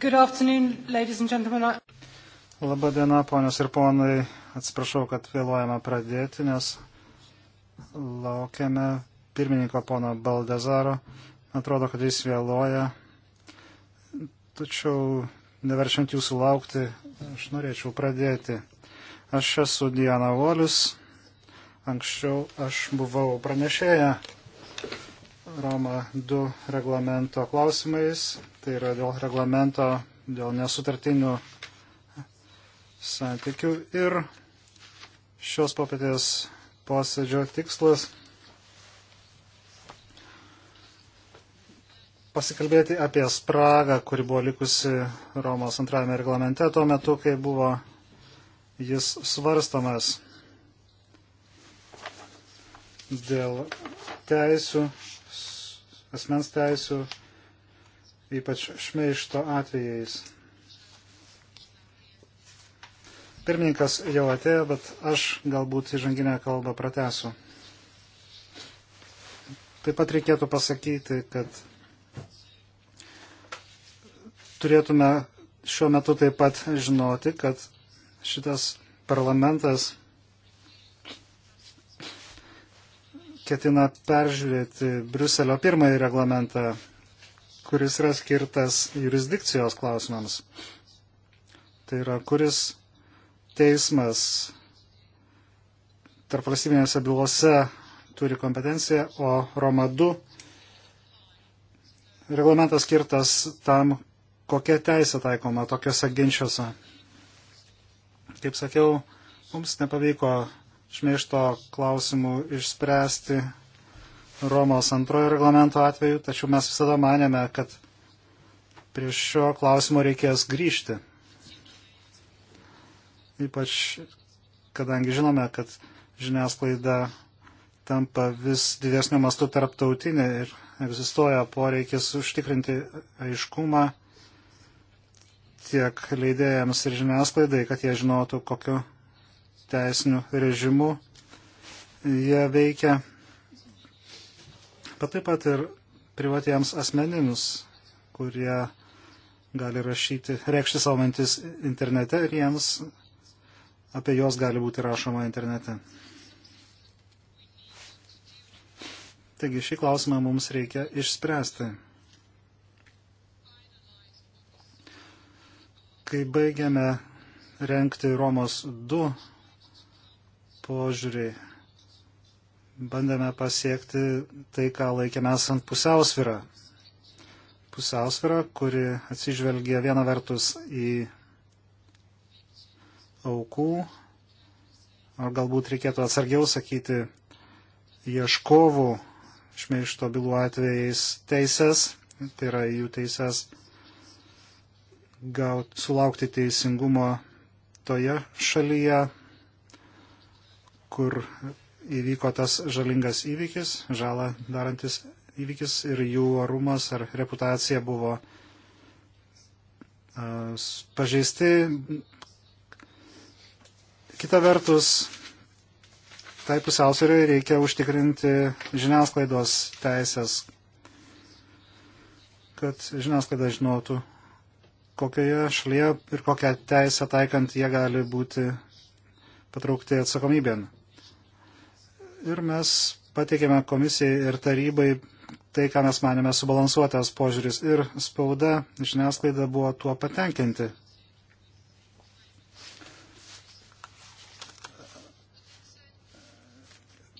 Good afternoon, ladies and gentlemen. Labą dieną, ponios ir ponai. Atsiprašau, kad vėluojame pradėti, nes laukiame pirmininko pono Baldezaro. Atrodo, kad jis vėluoja. Tačiau, neveršiant jūsų laukti, aš norėčiau pradėti. Aš esu Diana Volius. Anksčiau aš buvau pranešėja Roma 2 reglamento klausimais. Tai yra dėl reglamento, dėl nesutartinių santykių. Ir šios popietės posėdžio tikslas pasikalbėti apie spragą, kuri buvo likusi Romos antrajame reglamente tuo metu, kai buvo jis svarstamas dėl teisų asmens teisų, ypač šmeišto atvejais. Pirmininkas jau atėjo, bet aš galbūt įžanginę kalbą pratęsiu. Taip pat reikėtų pasakyti, kad turėtume šiuo metu taip pat žinoti, kad šitas parlamentas ketina peržiūrėti Briuselio pirmąjį reglamentą, kuris yra skirtas jurisdikcijos klausimams. Tai yra, kuris teismas tarp valstybinėse bylose turi kompetenciją, o Roma 2 reglamentas skirtas tam, kokia teisė taikoma tokiuose ginčiuose. Kaip sakiau, mums nepavyko šmeišto klausimų išspręsti Romos antrojo reglamento atveju, tačiau mes visada manėme, kad prie šio klausimo reikės grįžti. Ypač, kadangi žinome, kad žiniasklaida tampa vis didesnio mastu tarptautinė ir egzistuoja poreikis užtikrinti aiškumą tiek leidėjams ir žiniasklaidai, kad jie žinotų, kokiu teisiniu režimu jie veikia, bet taip pat ir privatiems asmenims, kurie gali rašyti, reikšti savo mintis internete ir jiems apie juos gali būti rašoma internete. Taigi šį klausimą mums reikia išspręsti. Kai baigiame renkti Romos 2 požiūrį. Bandėme pasiekti tai, ką laikėme esant pusiausvirą. Pusiausvirą, kuri atsižvelgia viena vertus į aukų, ar galbūt reikėtų atsargiau sakyti, ieškovų šmeišto bylų atvejais teisės, tai yra jų teisės gaut, sulaukti teisingumo toje šalyje, kur įvyko tas žalingas įvykis, žalą darantis įvykis ir jų orumas ar reputacija buvo pažeisti. Kita vertus, tai pusiausvėriai reikia užtikrinti žiniasklaidos teisės, kad žiniasklaida žinotų, kokioje šalyje ir kokią teisę taikant jie gali būti patraukti atsakomybėn ir mes pateikėme komisijai ir tarybai tai, ką mes manėme subalansuotas požiūris ir spauda, žiniasklaida buvo tuo patenkinti.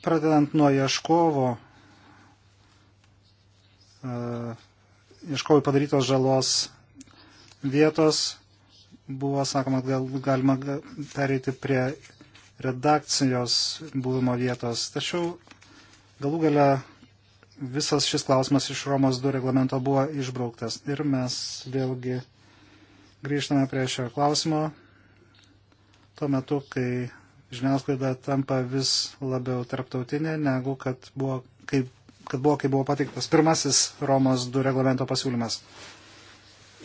Pradedant nuo ieškovo, ieškovui e, padarytos žalos vietos, buvo sakoma, gal, galima pereiti prie redakcijos buvimo vietos. Tačiau galų gale visas šis klausimas iš Romos 2 reglamento buvo išbrauktas. Ir mes vėlgi grįžtame prie šio klausimo tuo metu, kai žiniasklaida tampa vis labiau tarptautinė, negu kad buvo, kaip, kad buvo, kai buvo pateiktas pirmasis Romos 2 reglamento pasiūlymas.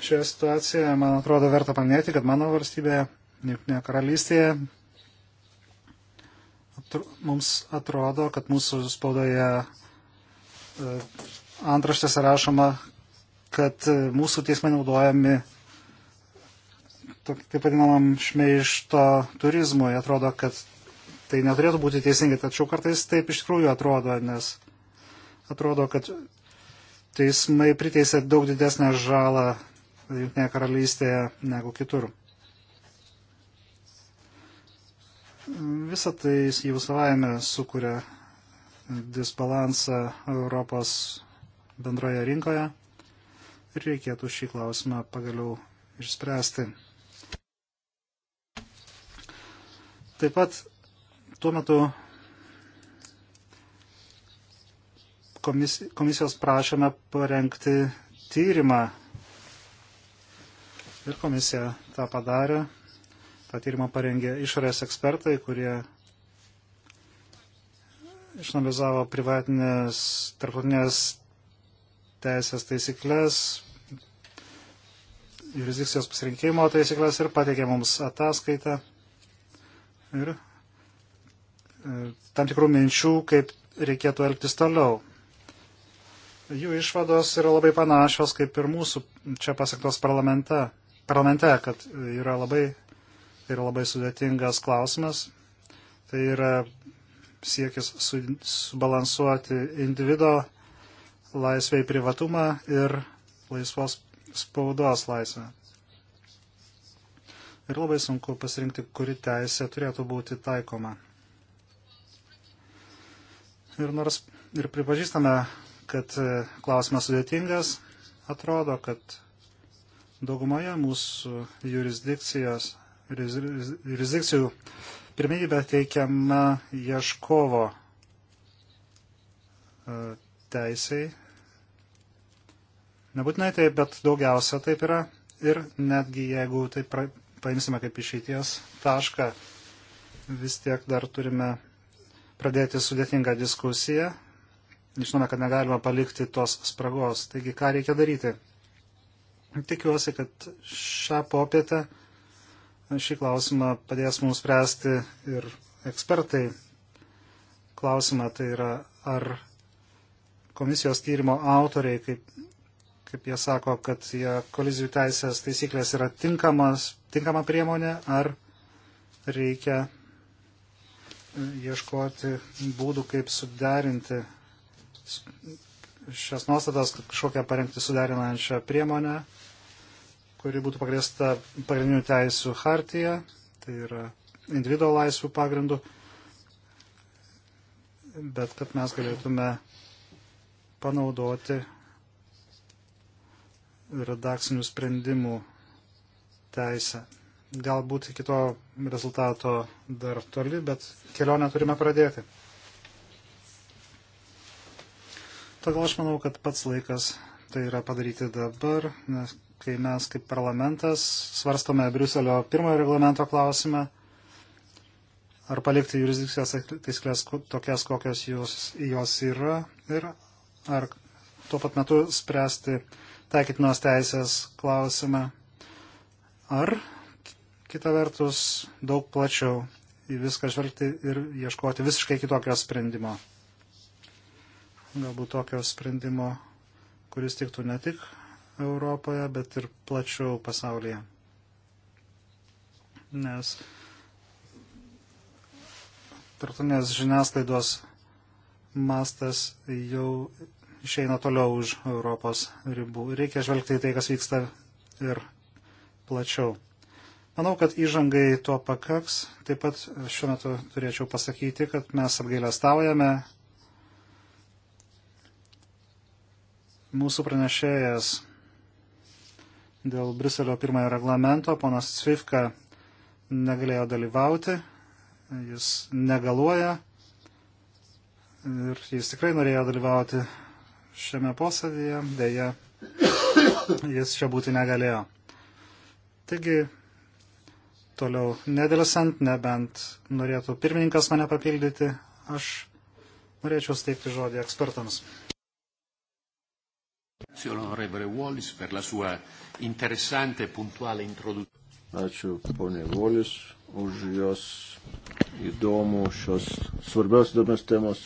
Šioje situacijoje, man atrodo, verta paminėti, kad mano valstybėje, Junktinėje karalystėje, mums atrodo, kad mūsų spaudoje e, antraštėse rašoma, kad e, mūsų teismai naudojami taip vadinamam šmeišto turizmui. Atrodo, kad tai neturėtų būti teisingai, tačiau kartais taip iš tikrųjų atrodo, nes atrodo, kad teismai priteisė daug didesnę žalą Junktinėje karalystėje negu kitur. Visą tai jau savaime sukuria disbalansą Europos bendroje rinkoje ir reikėtų šį klausimą pagaliau išspręsti. Taip pat tuo metu komisijos prašėme parengti tyrimą ir komisija tą padarė tą tyrimą parengė išorės ekspertai, kurie išanalizavo privatinės tarptautinės teisės taisyklės, jurisdikcijos pasirinkimo taisyklės ir pateikė mums ataskaitą ir e, tam tikrų minčių, kaip reikėtų elgtis toliau. Jų išvados yra labai panašios kaip ir mūsų čia pasiektos parlamente, parlamente kad yra labai Tai yra labai sudėtingas klausimas. Tai yra siekis su, subalansuoti individo laisvę į privatumą ir laisvos spaudos laisvę. Ir labai sunku pasirinkti, kuri teisė turėtų būti taikoma. Ir nors ir pripažįstame, kad e, klausimas sudėtingas, atrodo, kad daugumoje mūsų jurisdikcijos jurisdikcijų pirmybė teikiama ieškovo e, teisai. Nebūtinai taip, bet daugiausia taip yra. Ir netgi jeigu tai pra, paimsime kaip išeities tašką, vis tiek dar turime pradėti sudėtingą diskusiją. Žinome, kad negalima palikti tos spragos. Taigi, ką reikia daryti? Tikiuosi, kad šią popietę Šį klausimą padės mums spręsti ir ekspertai. Klausimą tai yra, ar komisijos tyrimo autoriai, kaip, kaip jie sako, kad jie kolizijų teisės taisyklės yra tinkamas, tinkama priemonė, ar reikia ieškoti būdų, kaip suderinti šias nuostatas, kažkokią parengti suderinančią priemonę kuri būtų pagrėsta pagrindinių teisų hartija, tai yra individuo laisvių pagrindų, bet kad mes galėtume panaudoti redakcinių sprendimų teisę. Galbūt iki to rezultato dar toli, bet kelionę turime pradėti. Todėl aš manau, kad pats laikas tai yra padaryti dabar, nes kai mes kaip parlamentas svarstome Briuselio pirmojo reglamento klausimą, ar palikti jurisdikcijos taisyklės tokias, kokios jos, jos yra, ir ar tuo pat metu spręsti taikytinos teisės klausimą, ar kita vertus daug plačiau į viską žvelgti ir ieškoti visiškai kitokio sprendimo. Galbūt tokio sprendimo, kuris tiktų ne tik Europoje, bet ir plačiau pasaulyje. Nes tartunės žiniasklaidos mastas jau išeina toliau už Europos ribų. Reikia žvelgti į tai, kas vyksta ir plačiau. Manau, kad įžangai tuo pakaks. Taip pat šiuo metu turėčiau pasakyti, kad mes apgailestaujame. Mūsų pranešėjas dėl Briselio pirmojo reglamento. Ponas Svifka negalėjo dalyvauti, jis negaluoja ir jis tikrai norėjo dalyvauti šiame posėdėje, dėja jis čia būti negalėjo. Taigi, toliau nedėlsant, nebent norėtų pirmininkas mane papildyti, aš norėčiau steigti žodį ekspertams. Onorevole Wallis, per la sua interessante e puntuale introduzione. Ačiū ponė Volis už jos įdomų šios svarbios įdomios temos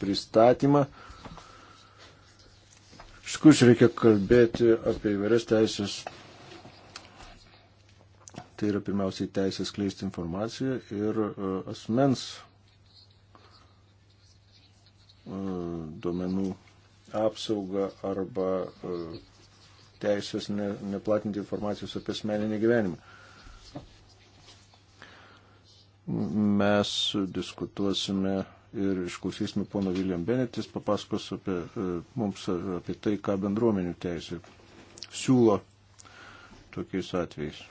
pristatymą. Škus reikia kalbėti apie įvairias teisės. Tai yra pirmiausiai teisės kleisti informaciją ir uh, asmens uh, duomenų apsaugą arba e, teisės ne, neplatinti informacijos apie asmeninį gyvenimą. Mes diskutuosime ir išklausysime pono William Benetis, papasakos apie, e, mums apie tai, ką bendruomenių teisė siūlo tokiais atvejais.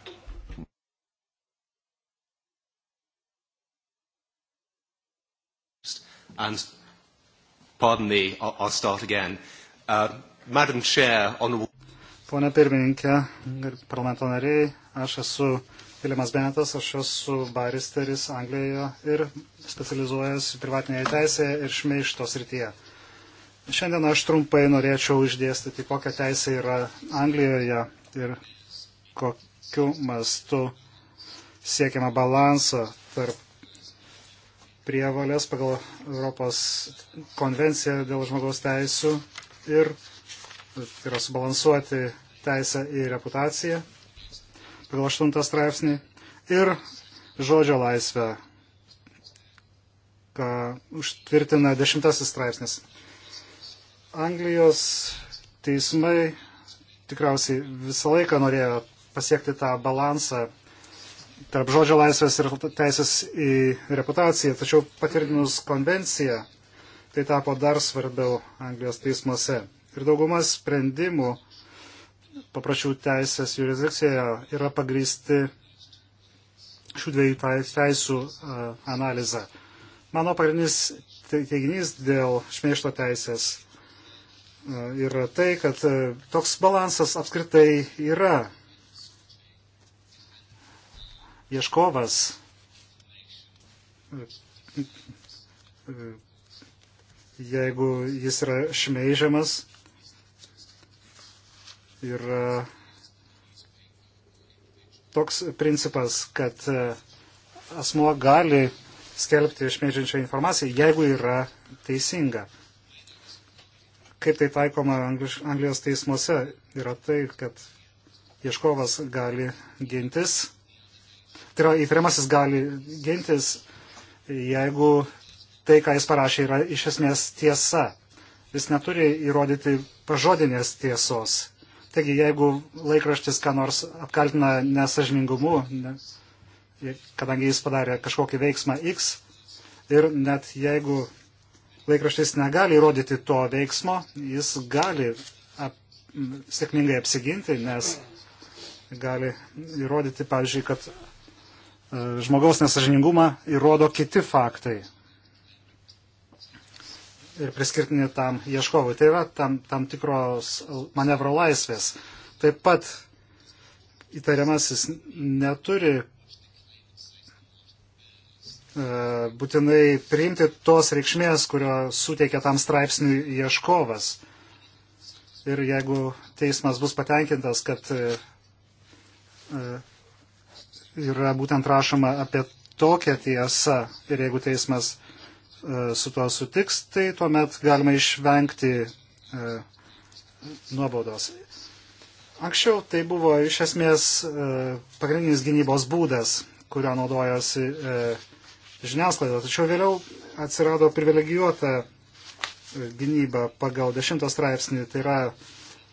And Pardon me, I'll start again. Uh, Madam Chair, honorable. Pone pirmininkė, parlamento nariai, aš esu Vilimas Benetas, aš esu baristeris Anglijoje ir specializuojas privatinėje teisėje ir šmeišto srityje. Šiandien aš trumpai norėčiau išdėstyti, kokia teisė yra Anglijoje ir kokiu mastu siekiama balansą tarp prievalės pagal Europos konvenciją dėl žmogaus teisų ir tai yra subalansuoti teisę į reputaciją pagal 8 straipsnį ir žodžio laisvę, ką užtvirtina 10 straipsnis. Anglijos teismai tikriausiai visą laiką norėjo pasiekti tą balansą tarp žodžio laisvės ir teisės į reputaciją. Tačiau patvirtinus konvenciją, tai tapo dar svarbiau Anglijos teismuose. Ir daugumas sprendimų paprašių teisės jurisdikcijoje yra pagrysti šių dviejų teisų analizą. Mano pagrindinis teiginys dėl šmeišto teisės yra tai, kad toks balansas apskritai yra ieškovas jeigu jis yra šmeižiamas ir toks principas, kad asmo gali skelbti šmeižiančią informaciją, jeigu yra teisinga. Kaip tai taikoma Anglijos teismuose yra tai, kad ieškovas gali gintis tai yra įtariamasis gali gintis, jeigu tai, ką jis parašė, yra iš esmės tiesa. Jis neturi įrodyti pažodinės tiesos. Taigi, jeigu laikraštis ką nors apkaltina nesažmingumu, ne, kadangi jis padarė kažkokį veiksmą X, ir net jeigu laikraštis negali įrodyti to veiksmo, jis gali ap, sėkmingai apsiginti, nes gali įrodyti, pavyzdžiui, kad E, žmogaus nesažiningumą įrodo kiti faktai. Ir priskirtini tam ieškovui. Tai yra tam, tam tikros manevro laisvės. Taip pat įtariamasis neturi e, būtinai priimti tos reikšmės, kurio suteikia tam straipsniui ieškovas. Ir jeigu teismas bus patenkintas, kad e, yra būtent rašoma apie tokią tiesą ir jeigu teismas e, su tuo sutiks, tai tuomet galima išvengti e, nuobaudos. Anksčiau tai buvo iš esmės e, pagrindinis gynybos būdas, kurio naudojosi žiniasklaida, tačiau vėliau atsirado privilegijuota gynyba pagal 10 straipsnį, tai yra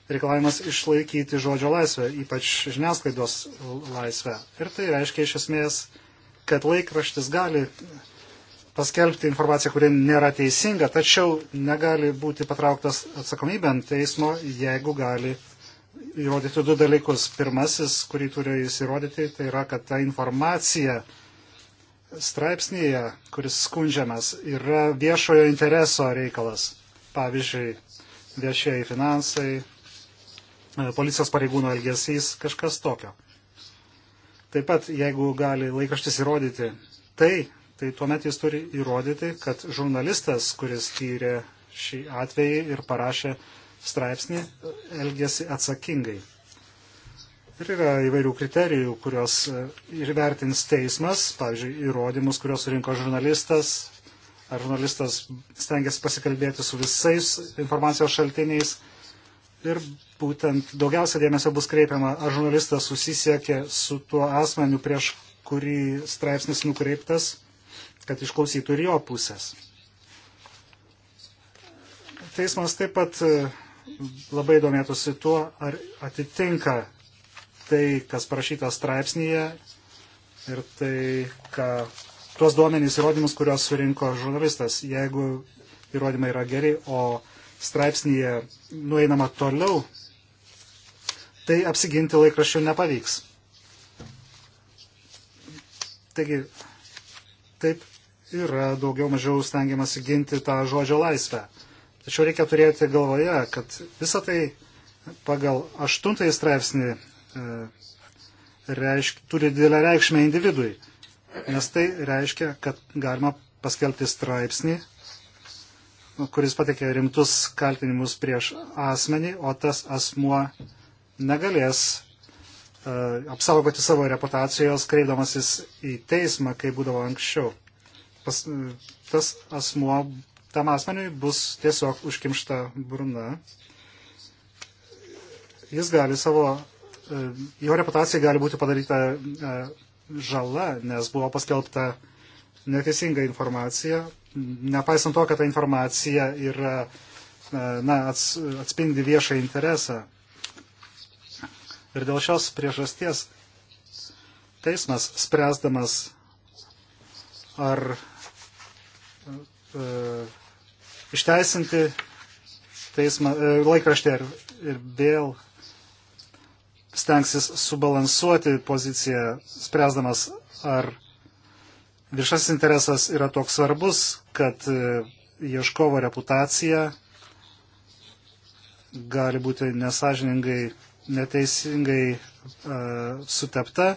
reikalavimas išlaikyti žodžio laisvę, ypač žiniasklaidos laisvę. Ir tai reiškia iš esmės, kad laikraštis gali paskelbti informaciją, kuri nėra teisinga, tačiau negali būti patrauktas atsakomybė ant teismo, jeigu gali įrodyti du dalykus. Pirmasis, kurį turi jis įrodyti, tai yra, kad ta informacija straipsnėje, kuris skundžiamas, yra viešojo intereso reikalas. Pavyzdžiui, viešieji finansai, E, policijos pareigūno elgesys, kažkas tokio. Taip pat, jeigu gali laikraštis įrodyti tai, tai tuomet jis turi įrodyti, kad žurnalistas, kuris tyrė šį atvejį ir parašė straipsnį, elgėsi atsakingai. Ir yra įvairių kriterijų, kuriuos e, ir vertins teismas, pavyzdžiui, įrodymus, kuriuos rinko žurnalistas, ar žurnalistas stengiasi pasikalbėti su visais informacijos šaltiniais ir būtent daugiausia dėmesio bus kreipiama, ar žurnalistas susisiekė su tuo asmeniu, prieš kurį straipsnis nukreiptas, kad išklausytų ir jo pusės. Teismas taip pat e, labai domėtųsi tuo, ar atitinka tai, kas parašyta straipsnėje ir tai, ką tuos duomenys įrodymus, kuriuos surinko žurnalistas. Jeigu įrodymai yra geri, o straipsnėje nueinama toliau, tai apsiginti laikraščių nepavyks. Taigi, taip yra daugiau mažiau stengiamasi ginti tą žodžio laisvę. Tačiau reikia turėti galvoje, kad visą tai pagal aštuntąjį straipsnį e, reišk, turi didelę reikšmę individui, nes tai reiškia, kad galima paskelbti straipsnį, kuris patikė rimtus kaltinimus prieš asmenį, o tas asmuo negalės e, apsaugoti savo reputacijos, kreidamasis į teismą, kaip būdavo anksčiau. Pas, e, tas asmuo, tam asmeniui bus tiesiog užkimšta burna. Jis gali savo, e, jo reputacijai gali būti padaryta žala, nes buvo paskelbta neteisinga informacija, nepaisant to, kad ta informacija yra, na, atspindi viešą interesą Ir dėl šios priežasties teismas spręsdamas, ar e, išteisinti teismą e, laikraštį ir, ir vėl stengsis subalansuoti poziciją, spręsdamas, ar viešas interesas yra toks svarbus, kad e, ieškovo reputacija gali būti nesažiningai neteisingai uh, sutepta,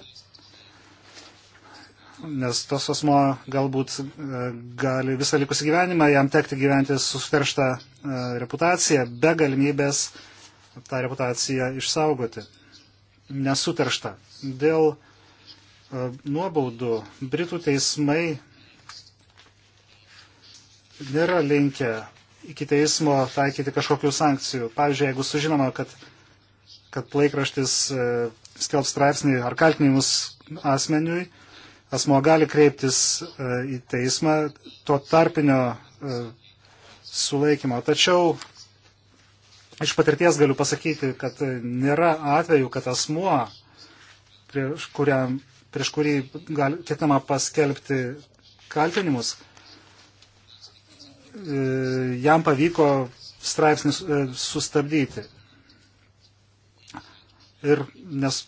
nes tos asmo galbūt uh, gali visą likusį gyvenimą jam tekti gyventi su suteršta uh, reputacija, be galimybės tą reputaciją išsaugoti. Nesuteršta. Dėl uh, nuobaudų Britų teismai nėra linkę iki teismo taikyti kažkokių sankcijų. Pavyzdžiui, jeigu sužinoma, kad uh, kad laikraštis e, skelb straipsnį ar kaltinimus asmeniui, asmo gali kreiptis e, į teismą tuo tarpinio e, sulaikymo. Tačiau iš patirties galiu pasakyti, kad nėra atveju, kad asmuo, prieš, kuriam, prieš kurį gali, ketinama paskelbti kaltinimus, jam pavyko straipsnį sustabdyti ir nes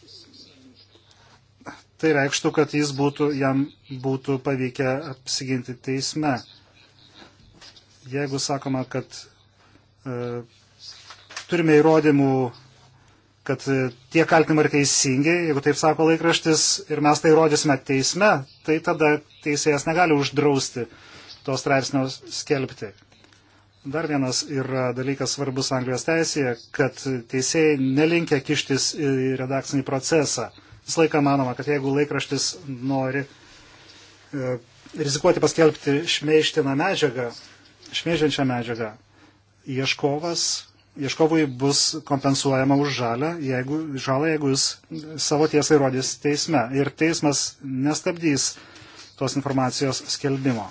tai reikštų, kad jis būtų, jam būtų pavykę apsiginti teisme. Jeigu sakoma, kad e, turime įrodymų, kad e, tie kaltinimai yra teisingi, jeigu taip sako laikraštis, ir mes tai įrodysime teisme, tai tada teisėjas negali uždrausti tos straipsnios skelbti. Dar vienas yra dalykas svarbus Anglijos teisėje, kad teisėjai nelinkia kištis į redakcinį procesą. Visą laiką manoma, kad jeigu laikraštis nori e, rizikuoti paskelbti šmeištiną medžiagą, šmeižiančią medžiagą, ieškovas, ieškovui bus kompensuojama už žalą, jeigu, žalą, jeigu jis savo tiesą įrodys teisme. Ir teismas nestabdys tos informacijos skelbimo.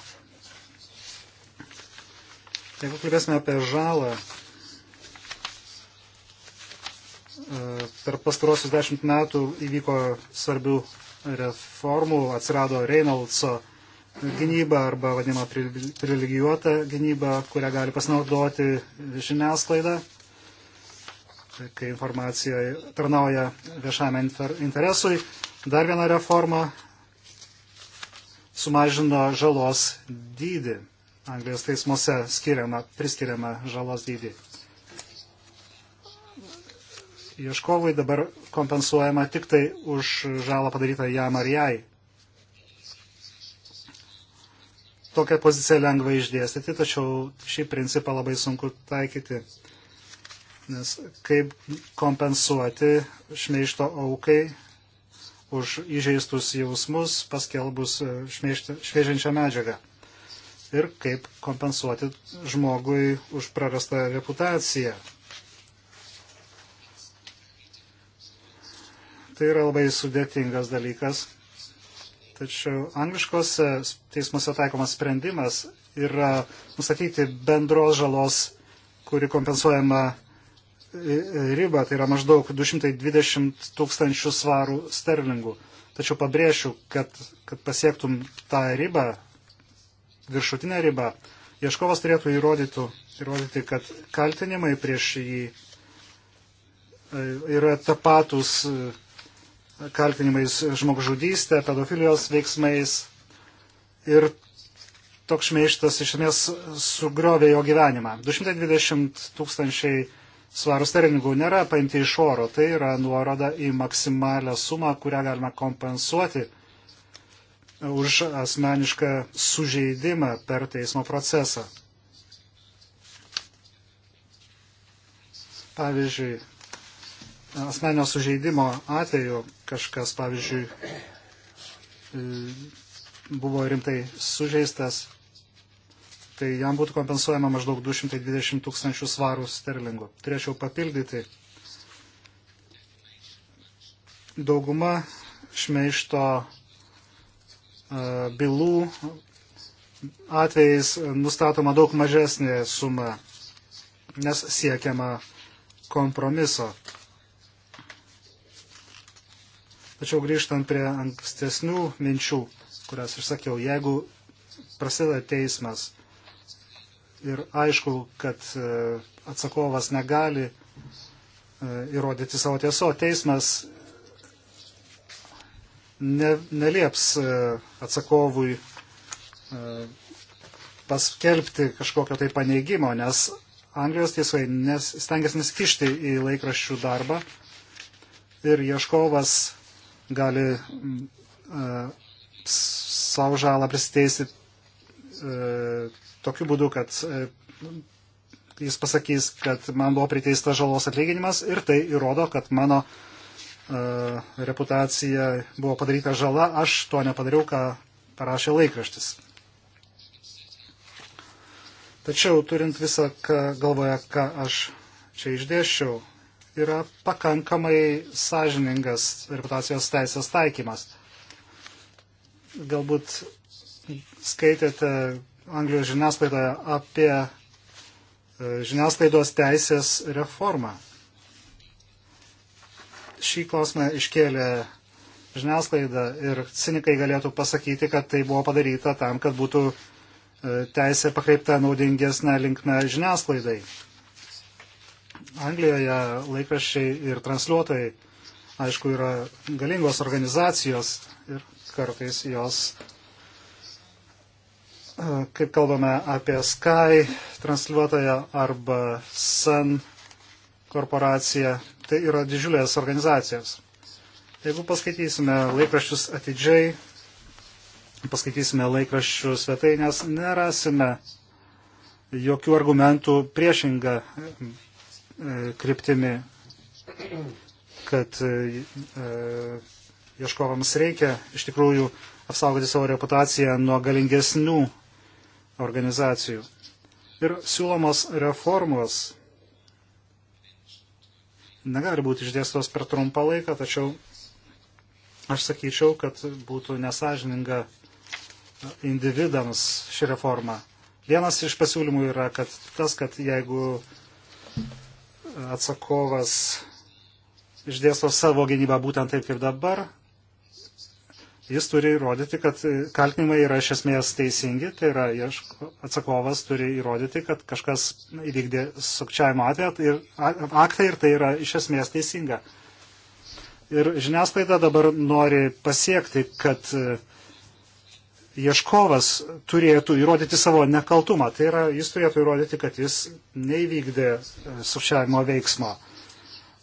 Jeigu kalbėsime apie žalą e, per pastarosius dešimt metų įvyko svarbių reformų, atsirado Reynoldso gynyba arba vadinama privilegijuota gynyba, kurią gali pasinaudoti žiniasklaida, tai kai informacija tarnauja viešame interesui. Dar viena reforma sumažino žalos dydį. Anglijos teismuose skiriama, priskiriama žalos dydį. Ieškovui dabar kompensuojama tik tai už žalą padarytą jam ar jai. Tokią poziciją lengva išdėstyti, tačiau šį principą labai sunku taikyti. Nes kaip kompensuoti šmeišto aukai už įžeistus jausmus paskelbus šmeižti, šviežiančią medžiagą ir kaip kompensuoti žmogui už prarastą reputaciją. Tai yra labai sudėtingas dalykas. Tačiau angliškose teismuose taikomas sprendimas yra nustatyti bendros žalos, kuri kompensuojama e, e, ribą, tai yra maždaug 220 tūkstančių svarų sterlingų. Tačiau pabrėšiu, kad, kad pasiektum tą ribą, viršutinė riba, ieškovas turėtų įrodyti, įrodyti kad kaltinimai prieš jį e, yra tapatus e, kaltinimais žmogžudystė, pedofilijos veiksmais ir toks šmeištas iš esmės sugriovė jo gyvenimą. 220 tūkstančiai svarų sterlingų nėra paimti iš oro, tai yra nuoroda į maksimalę sumą, kurią galima kompensuoti už asmenišką sužeidimą per teismo procesą. Pavyzdžiui, asmenio sužeidimo atveju kažkas, pavyzdžiui, e, buvo rimtai sužeistas, tai jam būtų kompensuojama maždaug 220 tūkstančių svarų sterlingų. Turėčiau papildyti. Dauguma šmeišto bylų atvejais nustatoma daug mažesnė suma, nes siekiama kompromiso. Tačiau grįžtant prie ankstesnių minčių, kurias išsakiau, jeigu prasideda teismas ir aišku, kad e, atsakovas negali e, įrodyti savo tieso, teismas ne, nelieps e, atsakovui e, paskelbti kažkokio tai paneigimo, nes Anglijos teismai nes, stengiasi nesikišti į laikraščių darbą ir ieškovas gali uh, savo žalą prisiteisti uh, tokiu būdu, kad uh, jis pasakys, kad man buvo priteista žalos atlyginimas ir tai įrodo, kad mano uh, E, reputacija buvo padaryta žala, aš to nepadariau, ką parašė laikraštis. Tačiau turint visą ką, galvoje, ką aš čia išdėščiau, yra pakankamai sąžiningas reputacijos teisės taikymas. Galbūt skaitėte Anglijos žiniasklaidoje apie e, žiniasklaidos teisės reformą šį klausimą iškėlė žiniasklaida ir cinikai galėtų pasakyti, kad tai buvo padaryta tam, kad būtų e, teisė pakreipta naudingesnė linkme žiniasklaidai. Anglijoje laikraščiai ir transliuotojai, aišku, yra galingos organizacijos ir kartais jos, e, kaip kalbame apie Sky transliuotoją arba Sun korporaciją, tai yra didžiulės organizacijos. Jeigu paskaitysime laikraščius atidžiai, paskaitysime laikraščių svetainės, nerasime jokių argumentų priešingą e, kryptimi, kad e, e, ieškovams reikia iš tikrųjų apsaugoti savo reputaciją nuo galingesnių organizacijų. Ir siūlomos reformos negali būti išdėstos per trumpą laiką, tačiau aš sakyčiau, kad būtų nesažininga individams ši reforma. Vienas iš pasiūlymų yra kad tas, kad jeigu atsakovas išdėsto savo gynybą būtent taip kaip dabar, jis turi įrodyti, kad kaltinimai yra iš esmės teisingi, tai yra atsakovas turi įrodyti, kad kažkas įvykdė sukčiavimo aktą ir tai yra iš esmės teisinga. Ir žiniasklaida dabar nori pasiekti, kad e, ieškovas turėtų įrodyti savo nekaltumą. Tai yra, jis turėtų įrodyti, kad jis neįvykdė e, sukčiavimo veiksmo.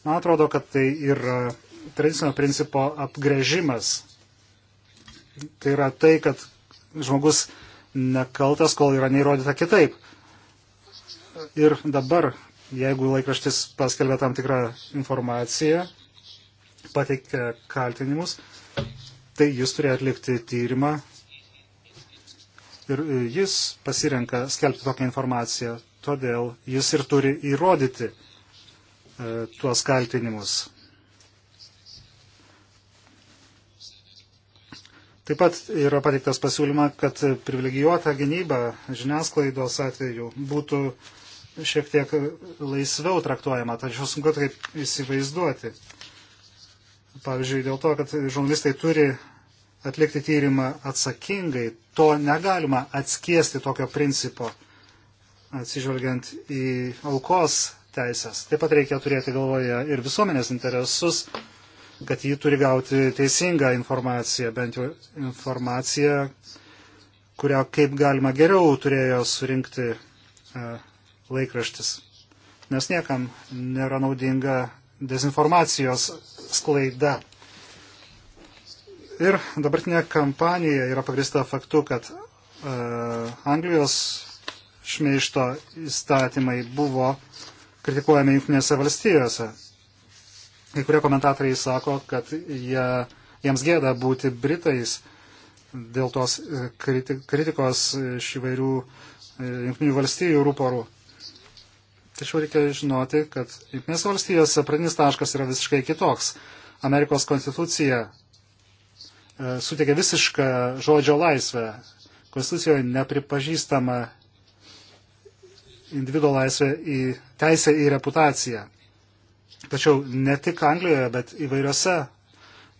Man atrodo, kad tai yra tradicinio principo apgrėžimas tai yra tai, kad žmogus nekaltas, kol yra neįrodyta kitaip. Ir dabar, jeigu laikraštis paskelbė tam tikrą informaciją, pateikė kaltinimus, tai jis turėjo atlikti tyrimą ir jis pasirenka skelbti tokią informaciją, todėl jis ir turi įrodyti e, tuos kaltinimus. Taip pat yra pateiktas pasiūlymas, kad privilegijuota gynyba žiniasklaidos atveju būtų šiek tiek laisviau traktuojama, tačiau sunku taip įsivaizduoti. Pavyzdžiui, dėl to, kad žurnalistai turi atlikti tyrimą atsakingai, to negalima atskiesti tokio principo, atsižvelgiant į aukos teisės. Taip pat reikia turėti galvoje ir visuomenės interesus kad ji turi gauti teisingą informaciją, bent jau informaciją, kurią kaip galima geriau turėjo surinkti e, laikraštis. Nes niekam nėra naudinga dezinformacijos sklaida. Ir dabartinė kampanija yra pagrista faktu, kad uh, Anglijos šmeišto įstatymai buvo kritikuojami jungtinėse valstijose. Kai kurie komentatoriai sako, kad jie, jiems gėda būti Britais dėl tos e, kritikos iš įvairių e, jungtinių valstybių rūporų. Tačiau reikia žinoti, kad jungtinės valstijos pradinis taškas yra visiškai kitoks. Amerikos konstitucija e, suteikia visišką žodžio laisvę. Konstitucijoje nepripažįstama individuo laisvė į teisę į reputaciją. Tačiau ne tik Anglijoje, bet įvairiose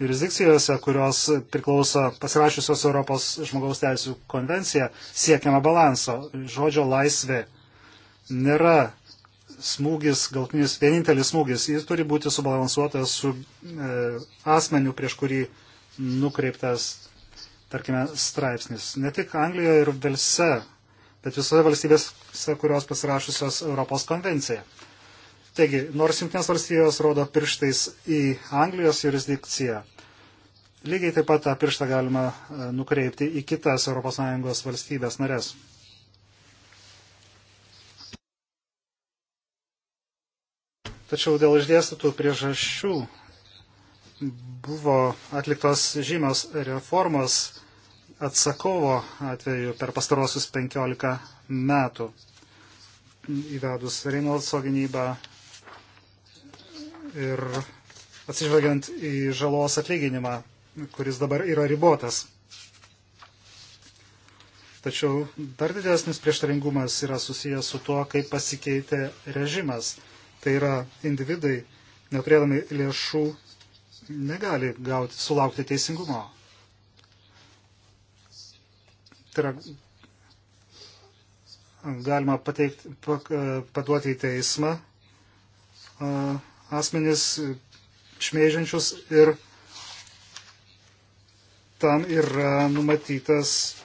jurisdikcijose, kurios priklauso pasirašiusios Europos žmogaus teisų konvenciją, siekiama balanso. Žodžio laisvė nėra smūgis, galtinis, vienintelis smūgis. Jis turi būti subalansuotas su e, asmeniu, prieš kurį nukreiptas, tarkime, straipsnis. Ne tik Anglijoje ir Velse, bet visose valstybėse, kurios pasirašusios Europos konvenciją. Taigi, nors Junktinės valstijos rodo pirštais į Anglijos jurisdikciją, lygiai taip pat tą pirštą galima e, nukreipti į kitas ES valstybės narės. Tačiau dėl išdėstytų priežasčių buvo atliktos žymios reformos atsakovo atveju per pastarosius 15 metų įvedus Reinolso gynybą ir atsižvelgiant į žalos atlyginimą, kuris dabar yra ribotas. Tačiau dar didesnis prieštaringumas yra susijęs su tuo, kaip pasikeitė režimas. Tai yra individai, neturėdami lėšų, negali gauti, sulaukti teisingumo. Tai yra galima pateikti, paduoti į teismą asmenis šmeižiančius ir tam yra numatytas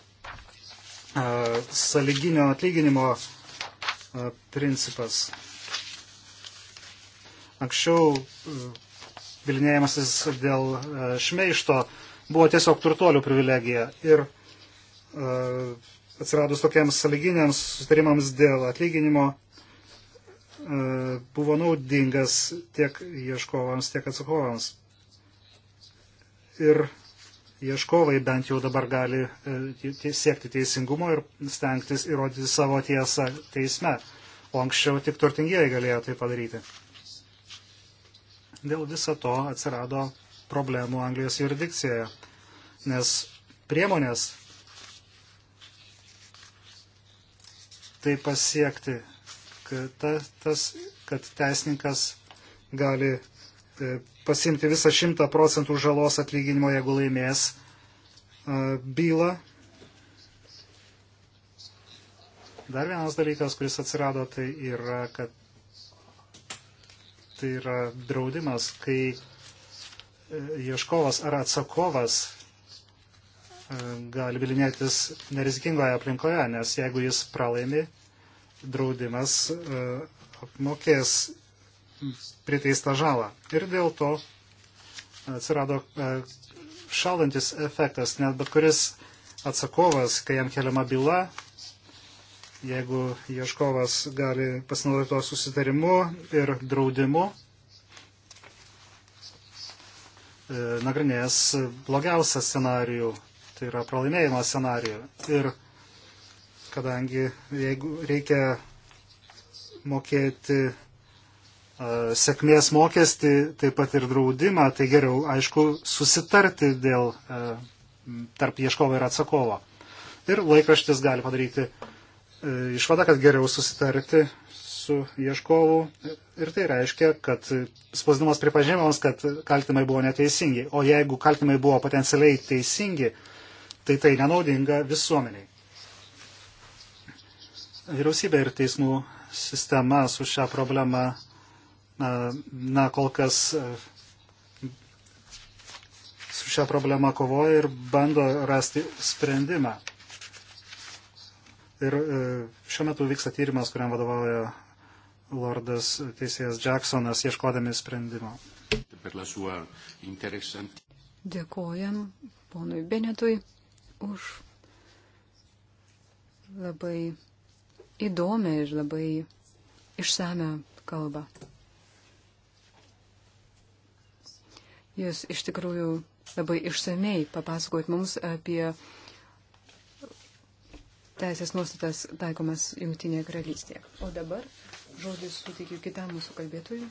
a, saliginio atlyginimo a, principas. Anksčiau vilinėjimasis e, dėl a, e, šmeišto buvo tiesiog turtuolių privilegija ir e, atsiradus tokiems saliginiams sustarimams dėl atlyginimo E, buvo naudingas tiek ieškovams, tiek atsakovams. Ir ieškovai bent jau dabar gali e, siekti teisingumo ir stengtis įrodyti savo tiesą teisme, o anksčiau tik turtingieji galėjo tai padaryti. Dėl viso to atsirado problemų Anglijos jurisdikcijoje, nes priemonės tai pasiekti ta, tas, kad teisininkas gali e, pasimti visą 100 procentų žalos atlyginimo, jeigu laimės e, bylą. Dar vienas dalykas, kuris atsirado, tai yra, kad tai yra draudimas, kai e, ieškovas ar atsakovas gali bilinėtis nerizikingoje aplinkoje, nes jeigu jis pralaimi, draudimas e, apmokės priteistą žalą. Ir dėl to atsirado e, šalantis efektas, net bet kuris atsakovas, kai jam keliama byla, jeigu ieškovas gali pasinaudoti to susitarimu ir draudimu, e, nagrinės blogiausią scenarijų, tai yra pralaimėjimo scenarijų. Ir kadangi jeigu reikia mokėti e, sėkmės mokestį, taip pat ir draudimą, tai geriau, aišku, susitarti dėl e, tarp ieškovo ir atsakovo. Ir laikraštis gali padaryti e, išvadą, kad geriau susitarti su ieškovu. Ir tai reiškia, kad spausdimas pripažinimas, kad kaltimai buvo neteisingi. O jeigu kaltimai buvo potencialiai teisingi, tai tai nenaudinga visuomeniai. Vyriausybė ir teismų sistema su šią problemą, na, kol kas e, su šią problemą kovoja ir bando rasti sprendimą. Ir e, šiuo metu vyksta tyrimas, kuriam vadovauja Lordas teisėjas Jacksonas, ieškodami sprendimo. Dėkojam ponui Benetui už labai įdomią ir labai išsame kalbą. Jūs iš tikrųjų labai išsamei papasakojot mums apie teisės nuostatas taikomas Junktinėje karalystėje. O dabar žodis suteikiu kitam mūsų kalbėtojui,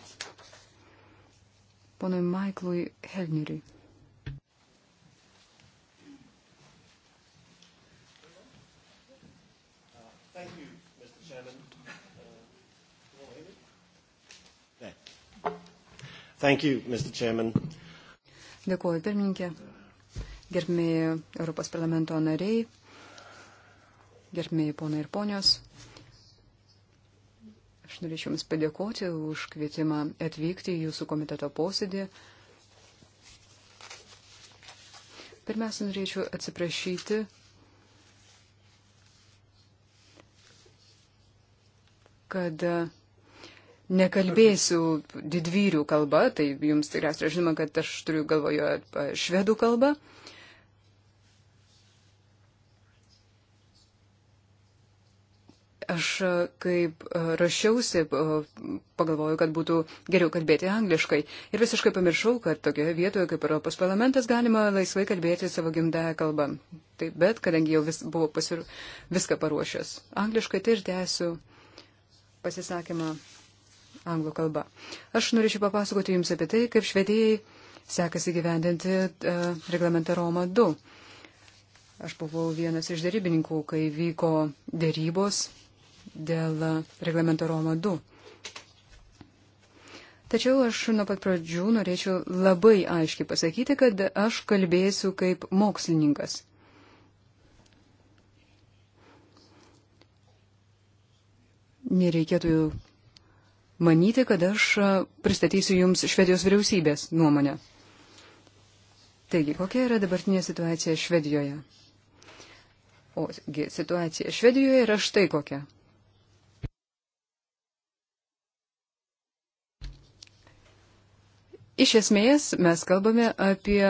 ponui Maiklui Helneriui. Thank you, Mr. Chairman. Dėkuoju, pirmininkė. Gerbėjai Europos parlamento nariai, gerbėjai ponai ir ponios. Aš norėčiau Jums padėkoti už kvietimą atvykti į Jūsų komiteto posėdį. Pirmiausia, norėčiau atsiprašyti. kad nekalbėsiu didvyrių kalba, tai jums tikriausiai žinoma, kad aš turiu galvoje e, švedų kalbą. Aš, e, kaip e, rašiausi, pagalvojau, kad būtų geriau kalbėti angliškai. Ir visiškai pamiršau, kad tokioje vietoje kaip Europos parlamentas galima laisvai kalbėti savo gimtają kalbą. Taip, bet kadangi jau vis, buvau pasir... viską paruošęs angliškai, tai ir tęsiu pasisakymą anglų kalba. Aš norėčiau papasakoti Jums apie tai, kaip Švedijai sekasi gyvendinti uh, reglamentą Roma 2. Aš buvau vienas iš darybininkų, kai vyko dėrybos dėl e, reglamento Roma 2. Tačiau aš nuo pat pradžių norėčiau labai aiškiai pasakyti, kad aš kalbėsiu kaip mokslininkas. Nereikėtų manyti, kad aš e, pristatysiu Jums Švedijos vyriausybės nuomonę. Taigi, kokia yra dabartinė situacija Švedijoje? Ogi, situacija Švedijoje yra štai kokia. Iš esmės mes kalbame apie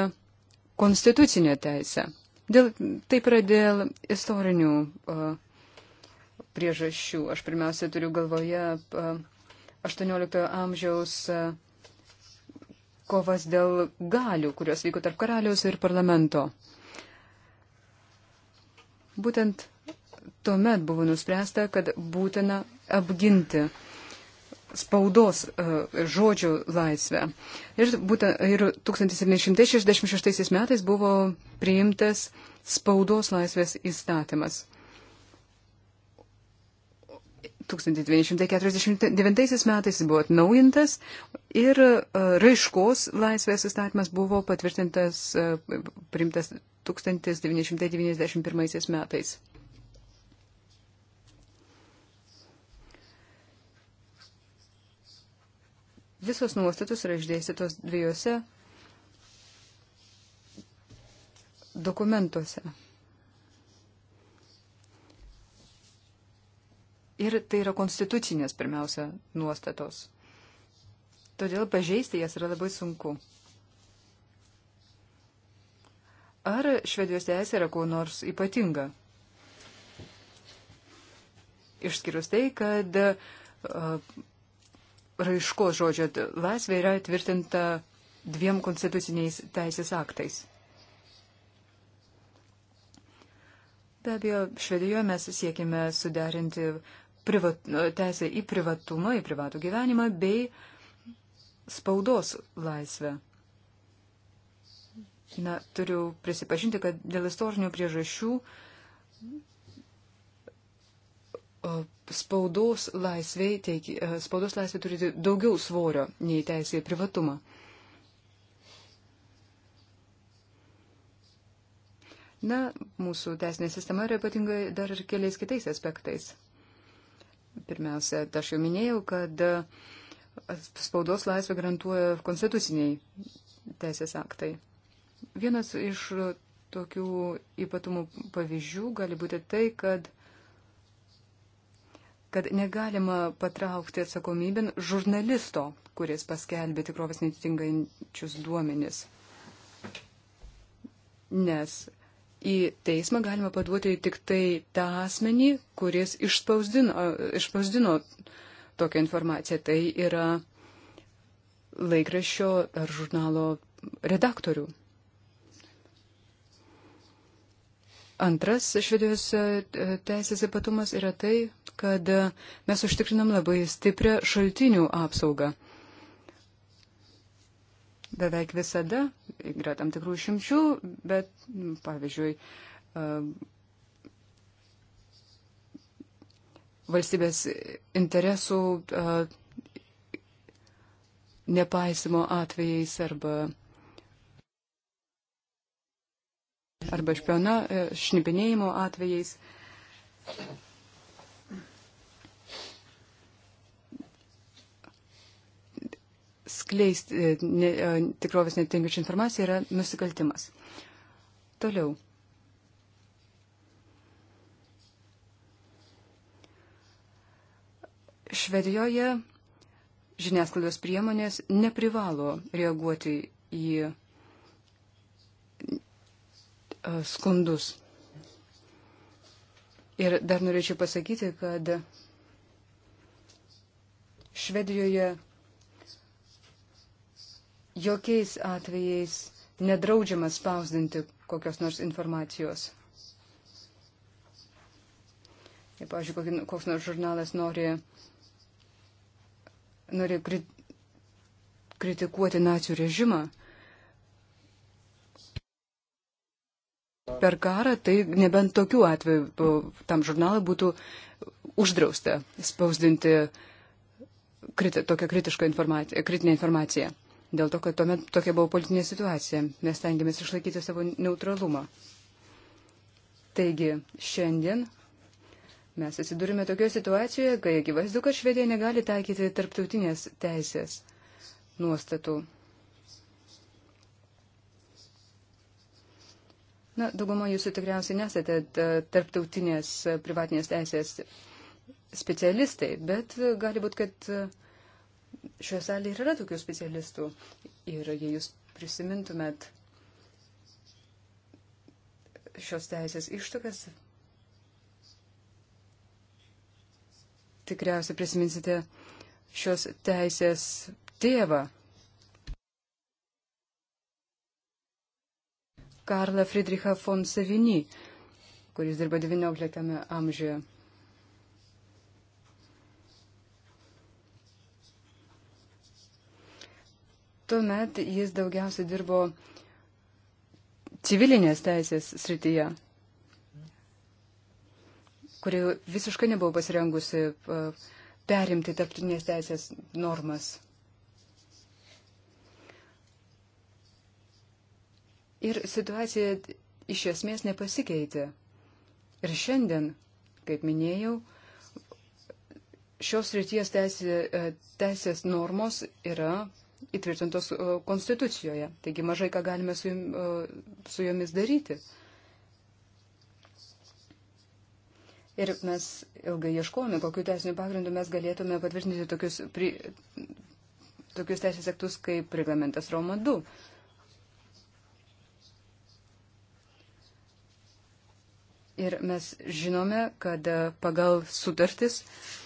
konstitucinę teisę. Dėl, taip yra dėl istorinių uh, priežasčių. Aš pirmiausia turiu galvoje uh, 18 amžiaus e, kovas dėl galių, kurios vyko tarp karaliaus ir parlamento. Būtent tuomet buvo nuspręsta, kad būtina apginti spaudos uh, žodžių laisvę. Ir, būtent, ir 1766 metais buvo priimtas spaudos laisvės įstatymas. 1949 metais buvo atnaujintas ir e, raiškos laisvės įstatymas buvo patvirtintas, e, primtas 1991 metais. Visos nuostatos yra išdėstytos dviejose dokumentuose. Ir tai yra konstitucinės pirmiausia nuostatos. Todėl pažeisti jas yra labai sunku. Ar švedijos teisė yra kuo nors ypatinga? Išskyrus tai, kad uh, raiškos žodžio laisvė yra tvirtinta dviem konstituciniais teisės aktais. Be abejo, Švedijoje mes siekime suderinti privat, teisę į privatumą, į privatų gyvenimą bei spaudos laisvę. Na, turiu prisipažinti, kad dėl istorinių priežasčių spaudos laisvė, teiki, e, spaudos laisvė turi daugiau svorio nei teisė į privatumą. Na, mūsų teisinė sistema yra ypatingai dar ir keliais kitais aspektais. Pirmiausia, aš jau minėjau, kad spaudos laisvę garantuoja konstituciniai teisės aktai. Vienas iš tokių ypatumų pavyzdžių gali būti tai, kad, kad negalima patraukti atsakomybin žurnalisto, kuris paskelbė tikrovės netitinkančius duomenis. Nes į teismą galima paduoti tik tai tą asmenį, kuris išspausdino, išspausdino tokią informaciją. Tai yra laikraščio ar žurnalo redaktorių. Antras švedijos e, teisės ypatumas yra tai, kad mes užtikrinam labai stiprią šaltinių apsaugą beveik visada, yra tam tikrų išimčių, bet, nu, pavyzdžiui, e, valstybės interesų e, nepaisimo atvejais arba, arba špiona, e, šnipinėjimo atvejais. skleisti e, ne, e, tikrovės netinkačią informaciją yra nusikaltimas. Toliau. Švedijoje žiniasklaidos priemonės neprivalo reaguoti į e, skundus. Ir dar norėčiau pasakyti, kad Švedijoje jokiais atvejais nedraudžiama spausdinti kokios nors informacijos. Jei, pažiūrėjau, koks nors žurnalas nori, nori kri, kritikuoti nacijų režimą per karą, tai nebent tokiu atveju tam žurnalui būtų uždrausta spausdinti kriti, tokią kritišką informaciją, kritinę informaciją dėl to, kad tuomet tokia buvo politinė situacija. Mes tengiamės išlaikyti savo neutralumą. Taigi, šiandien mes atsidūrime tokioje situacijoje, kai akivaizdu, kad Švedija negali taikyti tarptautinės teisės nuostatų. Na, daugumo jūsų tikriausiai nesate tarptautinės privatinės teisės specialistai, bet gali būti, kad šioje salėje ir yra tokių specialistų. Ir jei jūs prisimintumėt šios teisės ištakas, tikriausiai prisiminsite šios teisės tėvą. Karla Friedricha von Savini, kuris dirba XIX amžiuje. Tuomet jis daugiausia dirbo civilinės teisės srityje, kuri visiškai nebuvo pasirengusi e, perimti taptinės teisės normas. Ir situacija iš esmės nepasikeitė. Ir šiandien, kaip minėjau, šios ryties teisė, e, teisės normos yra įtvirtintos e, konstitucijoje. Taigi mažai ką galime su, e, su jomis daryti. Ir mes ilgai ieškojame, kokiu teisiniu pagrindu mes galėtume patvirtinti tokius, pri, tokius teisės aktus kaip reglamentas Roma 2. Ir mes žinome, kad e, pagal sutartis uh,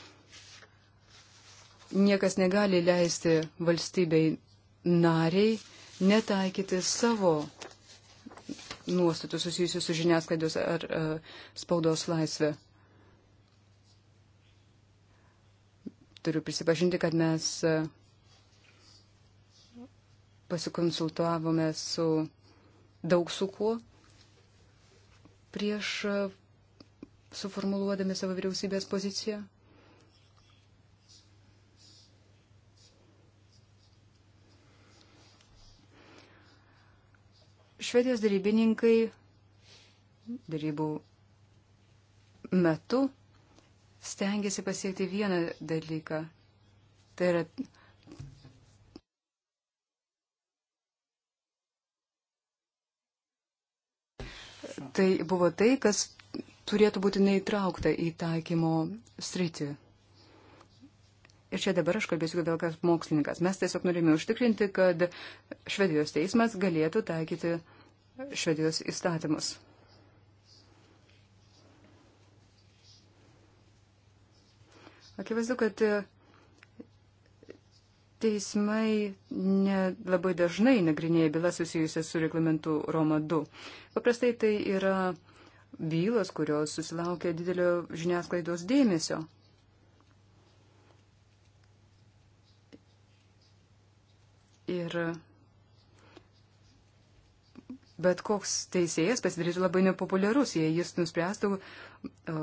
niekas negali leisti valstybei nariai netaikyti savo nuostatų susijusių su žiniasklaidos ar uh, spaudos laisvė. Turiu prisipažinti, kad mes uh, pasikonsultavome su daug su kuo prieš uh, suformuluodami savo vyriausybės poziciją. Švedijos darybininkai darybų metu stengiasi pasiekti vieną dalyką. Tai yra Tai buvo tai, kas turėtų būti neįtraukta į taikymo sritį. Ir čia dabar aš kalbėsiu vėl kas mokslininkas. Mes tiesiog norime užtikrinti, kad Švedijos teismas galėtų taikyti uh, Švedijos įstatymus. Akivaizdu, kad e, teismai labai dažnai nagrinėja bylas susijusias su reglamentu Roma 2. Paprastai tai yra bylos, kurios susilaukia didelio žiniasklaidos dėmesio. Ir bet koks teisėjas pasidarytų labai nepopuliarus, jei jis nuspręstų e,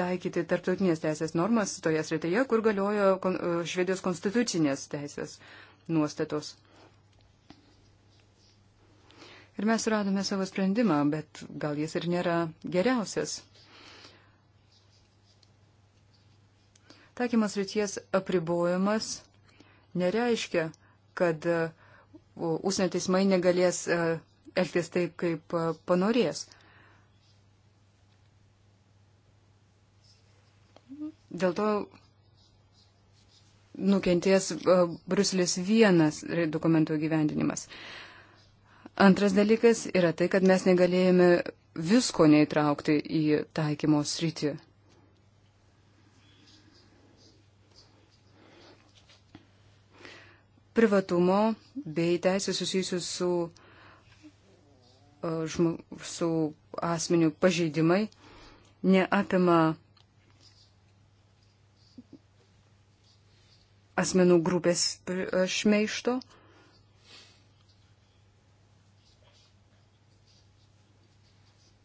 taikyti tarptautinės teisės normas toje srityje, kur galiojo e, Švedijos konstitucinės teisės nuostatos. Ir mes radome savo sprendimą, bet gal jis ir nėra geriausias. Taikymas ryties apribojimas nereiškia, kad e, užsienio teismai negalės elgtis taip, kaip e, panorės. Dėl to nukenties e, Bruselis vienas dokumento gyvendinimas. Antras dalykas yra tai, kad mes negalėjome visko neįtraukti į taikymo sritį. Privatumo bei teisės susijusius su E, su asmeniu pažeidimai neapima asmenų grupės e, šmeišto.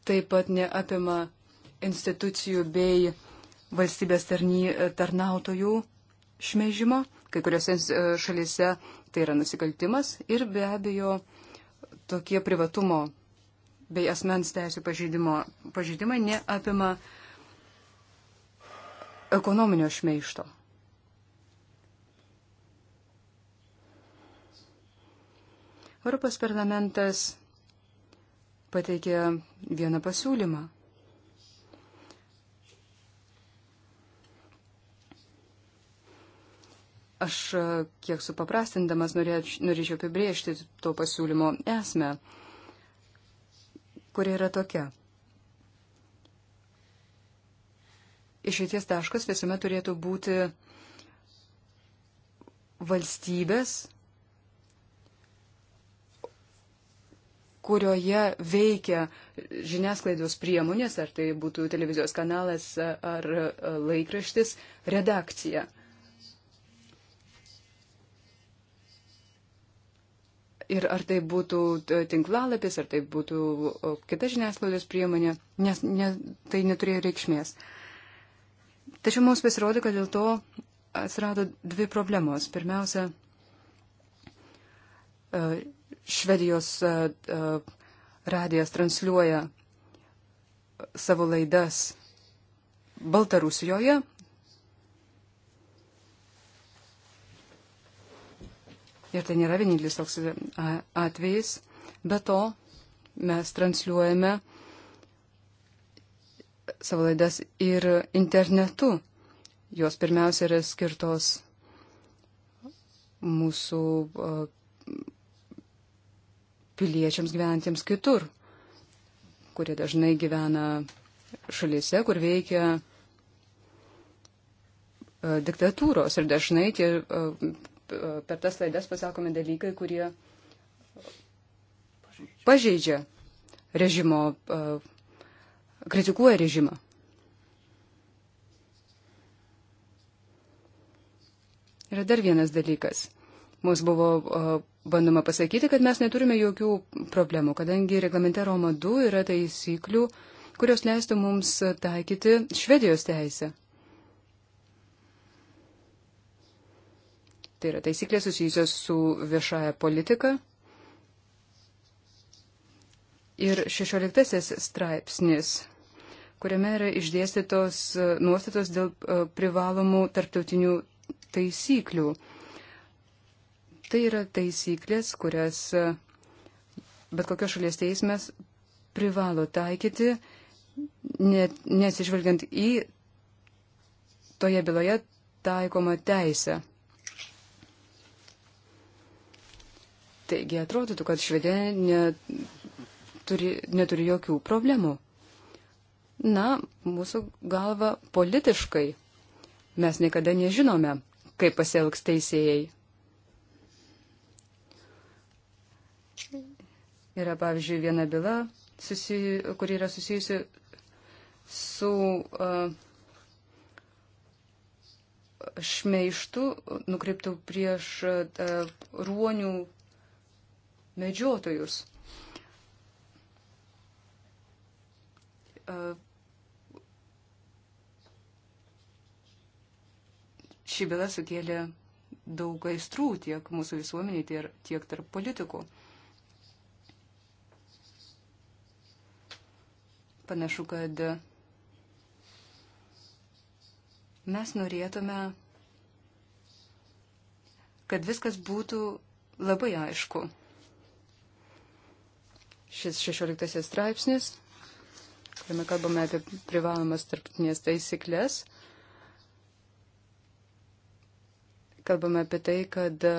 Taip pat neapima institucijų bei valstybės tarny, e, tarnautojų šmeižimo. Kai kuriuose šalyse tai yra nusikaltimas ir be abejo tokie privatumo bei asmens teisų pažydimai neapima ekonominio šmeišto. Europos parlamentas pateikė vieną pasiūlymą. Aš kiek supaprastindamas norėčiau apibriežti to pasiūlymo esmę kuri yra tokia. Išeities taškas visuomet turėtų būti valstybės, kurioje veikia žiniasklaidos priemonės, ar tai būtų televizijos kanalas ar laikraštis, redakcija. Ir ar tai būtų e, tinklalapis, ar tai būtų kita žiniasklaidos priemonė, nes ne, tai neturėjo reikšmės. Tačiau mums pasirodė, kad dėl to atsirado dvi problemos. Pirmiausia, e, Švedijos e, radijas transliuoja savo laidas Baltarusijoje, Ir tai nėra vienintelis toks e, atvejis. Be to, mes transliuojame savo laidas ir internetu. Jos pirmiausia yra skirtos mūsų e, piliečiams gyventiems kitur, kurie dažnai gyvena šalyse, kur veikia e, diktatūros ir dažnai tie per tas laidas pasakomi dalykai, kurie pažeidžia režimo, kritikuoja režimą. Yra dar vienas dalykas. Mums buvo bandoma pasakyti, kad mes neturime jokių problemų, kadangi reglamente Roma 2 yra taisyklių, kurios leistų mums taikyti Švedijos teisę. Tai yra taisyklės susijusios su viešaja politika. Ir šešioliktasis straipsnis, kuriame yra išdėstytos nuostatos dėl e, privalomų tarptautinių taisyklių. Tai yra taisyklės, kurias e, bet kokios šalies teismas privalo taikyti, net, nesižvelgiant į toje byloje taikomą teisę. Taigi atrodytų, kad Švedija neturi, neturi jokių problemų. Na, mūsų galva politiškai mes niekada nežinome, kaip pasielgs teisėjai. Yra, pavyzdžiui, viena byla, susi, kuri yra susijusi su uh, šmeištu nukreiptų prieš uh, ruonių medžiotojus. E, Ši byla sukėlė daug aistrų tiek mūsų visuomenėje, tiek tarp politikų. Panašu, kad mes norėtume, kad viskas būtų labai aišku šis 16 straipsnis, kuriame kalbame apie privalomas tarptautinės taisyklės. Kalbame apie tai, kad e,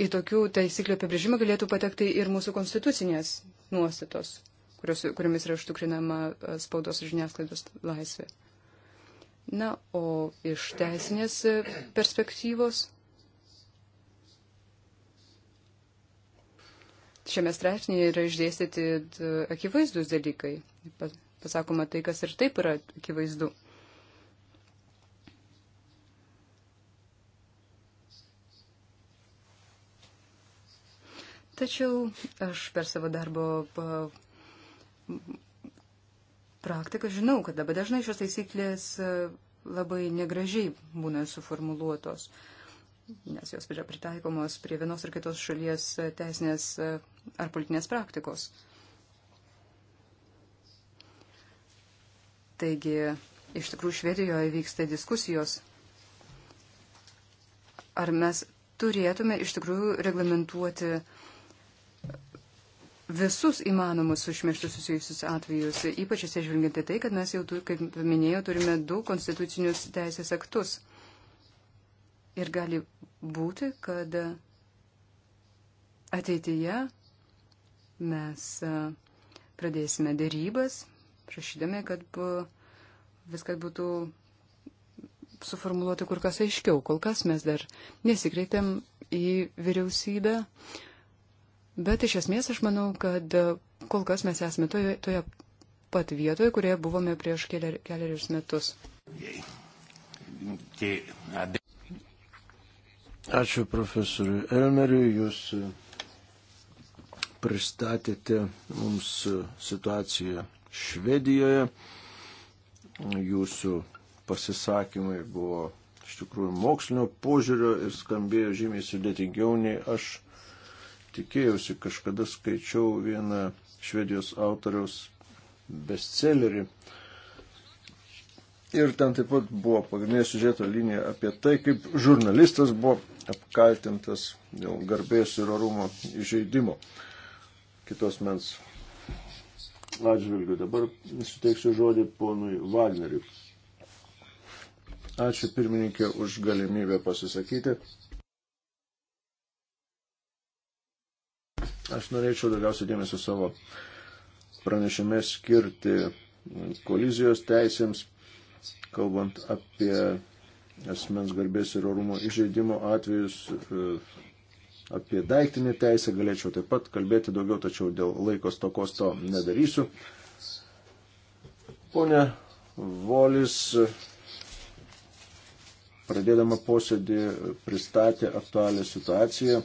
į tokių taisyklių apibrėžimą galėtų patekti ir mūsų konstitucinės nuostatos, kurios, kuriomis yra užtikrinama e, spaudos ir žiniasklaidos laisvė. Na, o iš teisinės e, perspektyvos šiame straipsnėje yra išdėstyti e, akivaizdus dalykai. Pasakoma tai, kas ir taip yra akivaizdu. Tačiau aš per savo darbo praktiką žinau, kad dabar dažnai šios taisyklės e, labai negražiai būna suformuluotos, nes jos yra pritaikomos prie vienos ar kitos šalies e, teisinės ar politinės praktikos. Taigi, iš tikrųjų, Švedijoje vyksta diskusijos, ar mes turėtume iš tikrųjų reglamentuoti visus įmanomus su šmeštu susijusius atvejus, ypač atsižvelgiant į tai, kad mes jau, kaip minėjau, turime du konstitucinius teisės aktus. Ir gali būti, kad ateityje mes e, pradėsime dėrybas, prašydami, kad bu, viskas būtų suformuoluota kur kas aiškiau. Kol kas mes dar nesikreitėm į vyriausybę, bet iš esmės aš manau, kad e, kol kas mes esame toje, toje pat vietoje, kurioje buvome prieš keliar, keliarius metus. Ačiū profesoriui Elmeriui, jūs pristatėte mums situaciją Švedijoje. Jūsų pasisakymai buvo iš tikrųjų mokslinio požiūrio ir skambėjo žymiai sudėtingiau nei aš tikėjausi. Kažkada skaičiau vieną švedijos autoriaus bestsellerį. Ir ten taip pat buvo pagrindinė sužeto linija apie tai, kaip žurnalistas buvo apkaltintas dėl garbės ir orumo įžeidimo kitos mens atžvilgių. Dabar suteiksiu žodį ponui Wagneriui. Ačiū pirmininkė už galimybę pasisakyti. Aš norėčiau daugiausiai dėmesio savo pranešime skirti kolizijos teisėms, kalbant apie asmens garbės ir orumo išžeidimo atvejus, apie daiktinę teisę galėčiau taip pat kalbėti daugiau, tačiau dėl laikos tokos to nedarysiu. Pone Volis, pradėdama posėdį, pristatė aktualią situaciją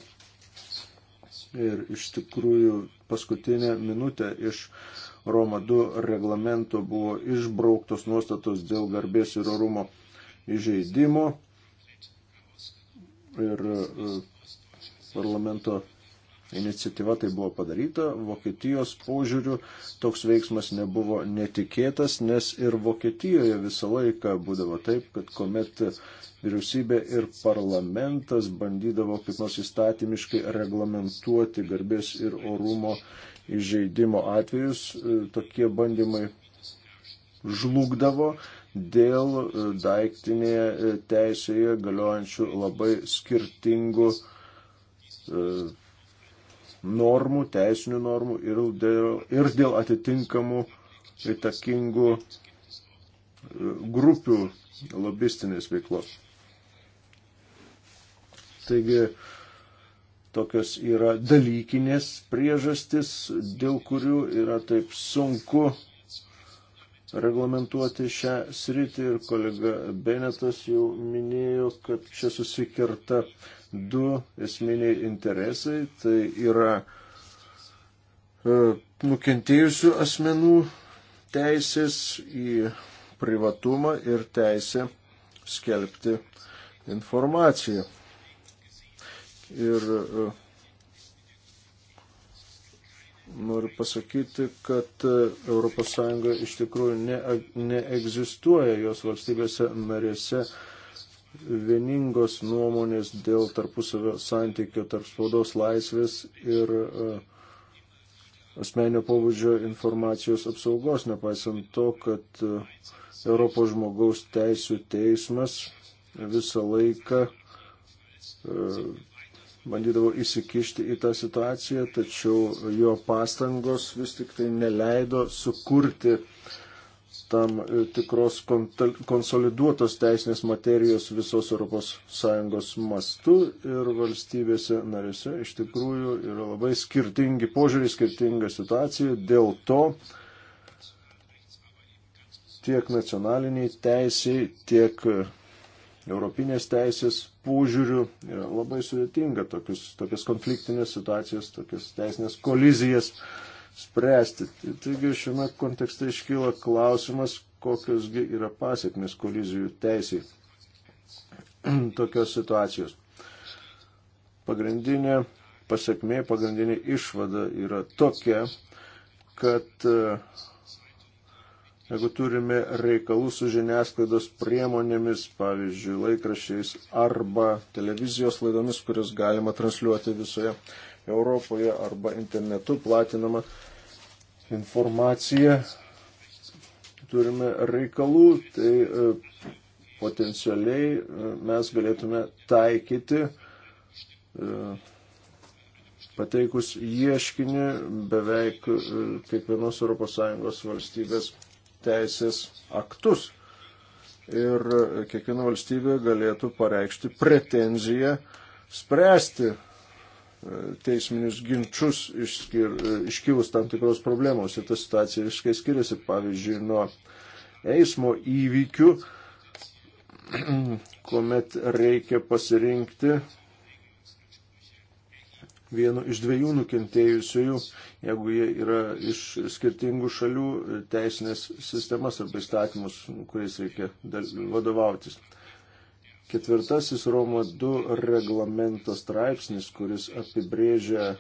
ir iš tikrųjų paskutinę minutę iš Roma 2 reglamento buvo išbrauktos nuostatos dėl garbės ir orumo įžeidimo. Ir e, parlamento iniciatyva tai buvo padaryta. Vokietijos požiūrių toks veiksmas nebuvo netikėtas, nes ir Vokietijoje visą laiką būdavo taip, kad kuomet vyriausybė ir parlamentas bandydavo kaip nors įstatymiškai reglamentuoti garbės ir orumo įžeidimo atvejus, e, tokie bandymai žlugdavo dėl e, daiktinėje e, teisėje galiojančių labai skirtingų uh, E, normų, teisinių normų ir dėl, ir dėl atitinkamų įtakingų e, grupių lobistinės veiklos. Taigi tokios yra dalykinės priežastis, dėl kurių yra taip sunku reglamentuoti šią sritį ir kolega Benetas jau minėjo, kad čia susikerta du esminiai interesai. Tai yra e, nukentėjusių asmenų teisės į privatumą ir teisę skelbti informaciją. Ir e, noriu pasakyti, kad ES iš tikrųjų ne, neegzistuoja jos valstybėse narėse vieningos nuomonės dėl tarpusavio santykio tarp spaudos laisvės ir e, asmenio pobūdžio informacijos apsaugos, nepaisant to, kad e, Europos žmogaus teisų teismas visą laiką e, bandydavo įsikišti į tą situaciją, tačiau jo pastangos vis tik tai neleido sukurti uh, tam e, tikros konsoliduotos teisinės materijos visos ES mastu ir valstybėse narėse iš tikrųjų yra labai skirtingi požiūriai, skirtinga situacija. Dėl to tiek nacionaliniai teisiai, tiek e, Europinės teisės požiūrių yra labai sudėtinga tokius, tokias konfliktinės situacijas, tokias teisinės kolizijas spręsti. Taigi šiame kontekste iškyla klausimas, kokiosgi yra pasiekmes kolizijų teisiai tokios situacijos. Pagrindinė pasiekmė, pagrindinė išvada yra tokia, kad e, jeigu turime reikalų su žiniasklaidos priemonėmis, pavyzdžiui, laikrašiais arba televizijos laidomis, kurias galima transliuoti visoje Europoje arba internetu platinama informacija. Turime reikalų, tai e, potencialiai e, mes galėtume taikyti e, pateikus ieškinį beveik kiekvienos ES valstybės teisės aktus. Ir kiekviena valstybė galėtų pareikšti pretenziją spręsti teisminius ginčius išskir, iškilus tam tikros problemos ir ta situacija visiškai skiriasi, pavyzdžiui, nuo eismo įvykių, kuomet reikia pasirinkti vienu iš dviejų nukentėjusiųjų, jeigu jie yra iš skirtingų šalių, teisinės sistemas arba įstatymus, kuriais reikia vadovautis. Ketvirtasis Romo 2 reglamento straipsnis, kuris apibrėžia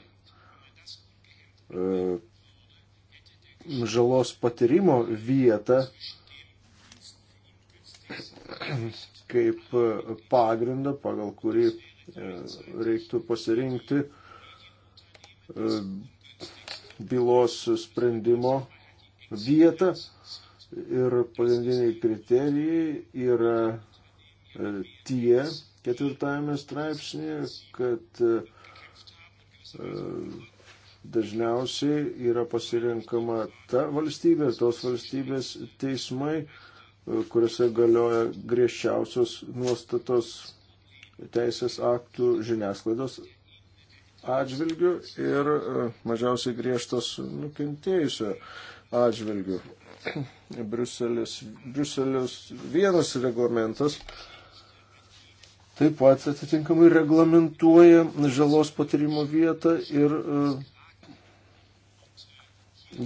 e, žalos patyrimo vietą kaip pagrindą, pagal kurį e, reiktų pasirinkti e, bylos sprendimo vietą. Ir pagrindiniai kriterijai yra E, tie ketvirtajame straipsnėje, kad e, e, dažniausiai yra pasirinkama ta valstybė, tos valstybės teismai, kuriuose galioja griežčiausios nuostatos teisės aktų žiniasklaidos atžvilgių ir mažiausiai griežtos nukentėjusio atžvilgių. Bruselis, Bruselis vienas reglamentas taip pat atitinkamai reglamentuoja žalos patirimo vietą ir e,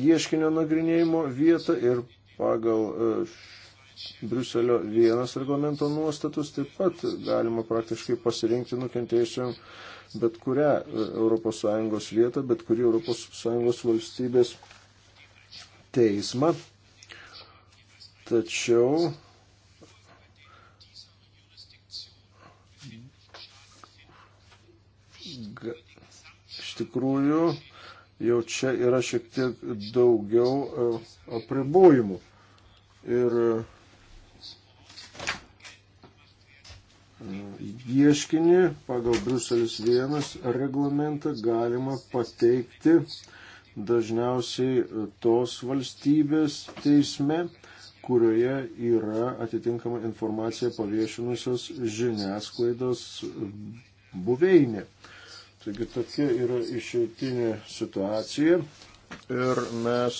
ieškinio nagrinėjimo vietą ir pagal e, Briuselio vienas reglamento nuostatus taip pat galima praktiškai pasirinkti nukentėjusiam bet kurią ES vietą, bet kurį ES valstybės teismą. Tačiau iš tikrųjų jau čia yra šiek tiek daugiau e, apribojimų. Ir e, ieškinį pagal Bruselis vienas reglamentą galima pateikti dažniausiai e, tos valstybės teisme, kurioje yra atitinkama informacija paviešinusios žiniasklaidos buveinė. Taigi tokia yra išeitinė situacija ir mes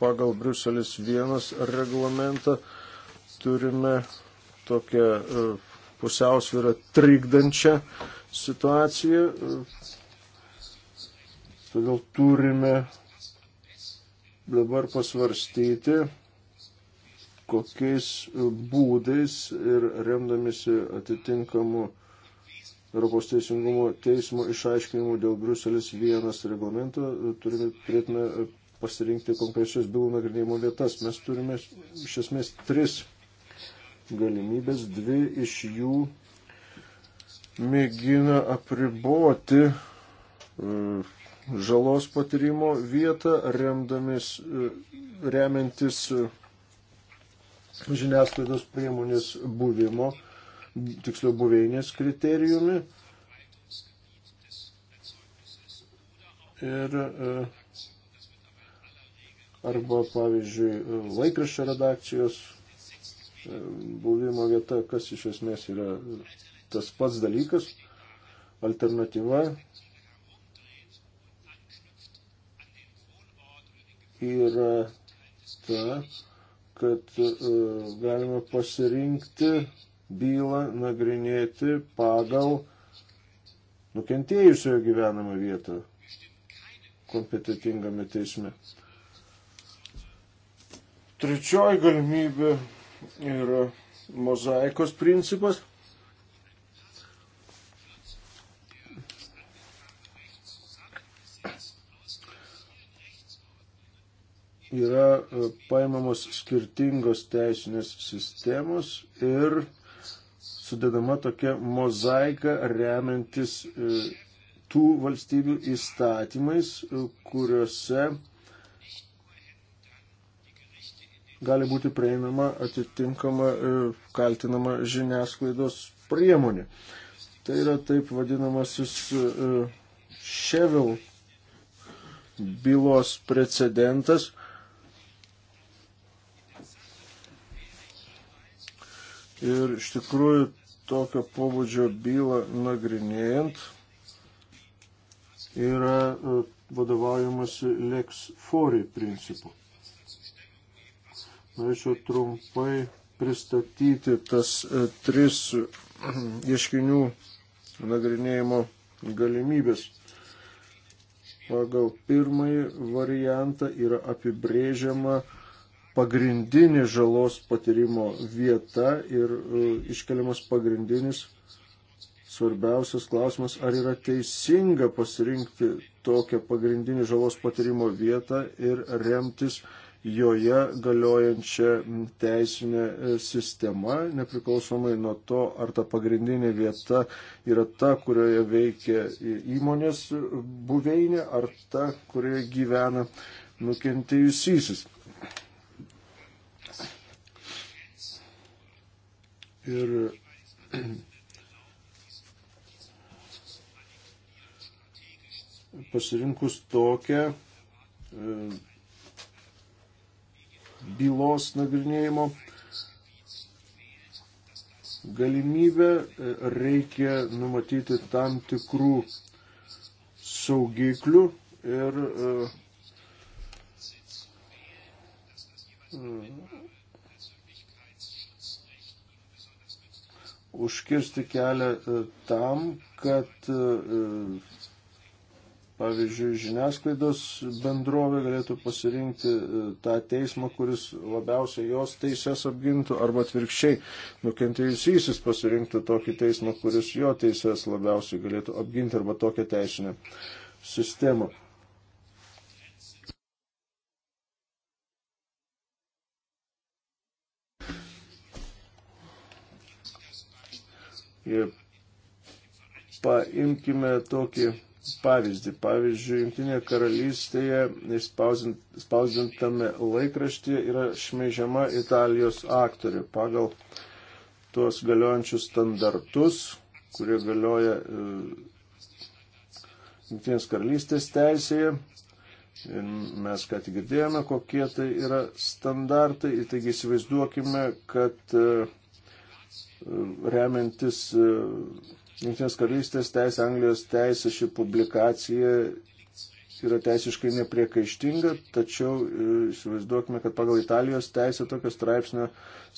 pagal Bruselis vienas reglamentą turime tokią e, pusiausvyrą trikdančią situaciją. Todėl turime dabar pasvarstyti, kokiais būdais ir remdamėsi atitinkamu Europos teisingumo teismo išaiškinimų dėl Bruselis vienas reglamento turime, turėtume e, pasirinkti konkrečias bylų nagrinėjimo vietas. Mes turime iš esmės tris galimybės, dvi iš jų mėgina apriboti e, žalos patyrimo vietą, remdamis, e, remiantis žiniasklaidos priemonės buvimo tiksliau buveinės kriterijumi. Ir e, arba, pavyzdžiui, laikraščio redakcijos e, buvimo vieta, kas iš esmės yra tas pats dalykas, alternatyva yra ta, kad e, galima pasirinkti bylą nagrinėti pagal nukentėjusiojo gyvenamą vietą kompetitingame teisme. Trečioji galimybė yra mozaikos principas. Yra paimamos skirtingos teisinės sistemos ir sudedama tokia mozaika remiantis e, tų valstybių įstatymais, e, kuriuose gali būti prieinama atitinkama e, kaltinama žiniasklaidos priemonė. Tai yra taip vadinamasis Ševil bylos precedentas. Ir iš tikrųjų tokio pobūdžio bylą nagrinėjant yra e, vadovaujamasi lex fori principu. Norėčiau trumpai pristatyti tas e, tris ieškinių nagrinėjimo galimybės. Pagal pirmąjį variantą yra apibrėžiama pagrindinė žalos patyrimo vieta ir e, iškeliamas pagrindinis svarbiausias klausimas, ar yra teisinga pasirinkti tokią pagrindinį žalos patyrimo vietą ir remtis joje galiojančią teisinę e, sistemą, nepriklausomai nuo to, ar ta pagrindinė vieta yra ta, kurioje veikia e, įmonės buveinė, ar ta, kurioje gyvena nukentėjusysis. ir pasirinkus tokią e, bylos nagrinėjimo galimybę e, reikia numatyti tam tikrų saugiklių ir e, užkirsti kelią e, tam, kad e, e, pavyzdžiui žiniasklaidos bendrovė galėtų pasirinkti tą teismą, kuris labiausiai jos teises apgintų, arba atvirkščiai nukentėjusysis pasirinktų tokį teismą, kuris jo teises labiausiai galėtų apginti arba tokią teisinę sistemą. Paimkime tokį pavyzdį. Pavyzdžiui, Junktinėje karalystėje spausdintame laikraštyje yra šmeižiama Italijos aktorė pagal tuos galiojančius standartus, kurie galioja e, Junktinės karalystės teisėje. Ir mes ką tik girdėjome, kokie tai yra standartai. Ir taigi įsivaizduokime, kad uh, remiantis e, Junktinės karalystės teisė, Anglijos teisė, ši publikacija yra teisiškai nepriekaištinga, tačiau e, įsivaizduokime, kad pagal Italijos teisę tokio straipsnio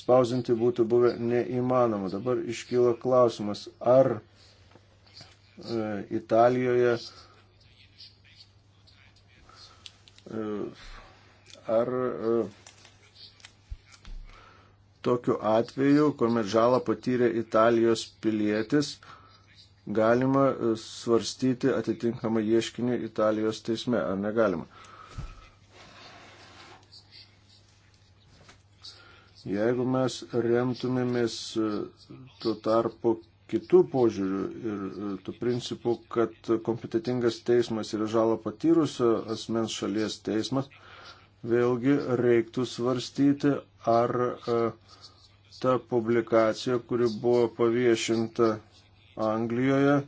spausinti būtų buvę neįmanoma. Dabar iškyla klausimas, ar e, Italijoje ar tokiu atveju, kuomet žalą patyrė Italijos pilietis, galima e, svarstyti atitinkamą ieškinį Italijos teisme, ar negalima. Jeigu mes remtumėmės e, tuo tarpu kitų požiūrių ir e, tų principų, kad kompetitingas teismas yra žalą patyrusio asmens šalies teismas, vėlgi reiktų svarstyti, ar e, ta publikacija, kuri buvo paviešinta Anglijoje,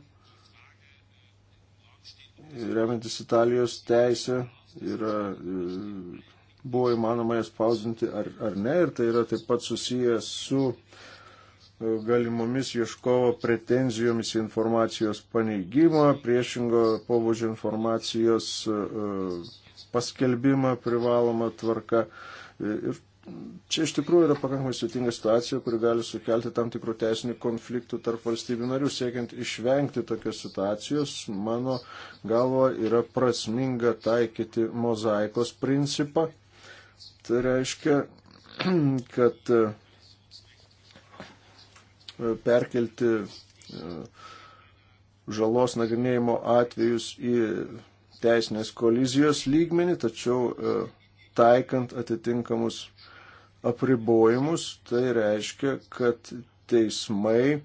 remiantis Italijos teisę, yra, e, buvo įmanoma jas spausdinti ar, ar ne, ir tai yra taip pat susijęs su e, galimomis ieškovo pretenzijomis informacijos paneigimą, priešingo pobūdžio informacijos paskelbimą privalomą tvarką. Ir Čia iš tikrųjų yra pakankamai sudėtinga situacija, kuri gali sukelti tam tikrų teisinių konfliktų tarp valstybių narių. Siekiant išvengti tokios situacijos, mano galvo yra prasminga taikyti mozaikos principą. Tai reiškia, kad e, perkelti e, žalos nagrinėjimo atvejus į teisinės kolizijos lygmenį, tačiau e, taikant atitinkamus apribojimus, tai reiškia, kad teismai e,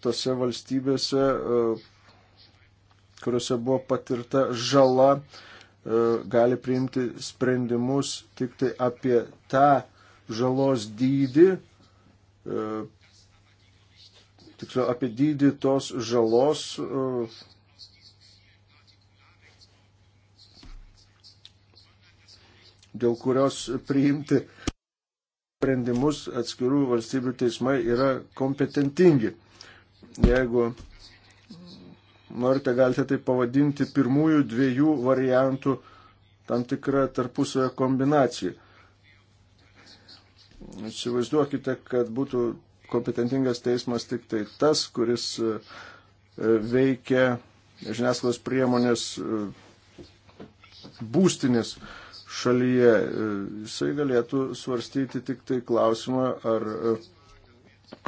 tose valstybėse, e, kuriuose buvo patirta žala, e, gali priimti sprendimus tik tai apie tą žalos dydį, tiksliau apie dydį tos žalos, dėl kurios priimti sprendimus atskirų valstybių teismai yra kompetentingi. Jeigu norite, galite tai pavadinti pirmųjų dviejų variantų tam tikrą tarpusavę kombinaciją. Įsivaizduokite, kad būtų kompetentingas teismas tik tai tas, kuris e, veikia žiniasklaidos priemonės e, būstinės šalyje. E, jisai galėtų svarstyti tik tai klausimą, ar e,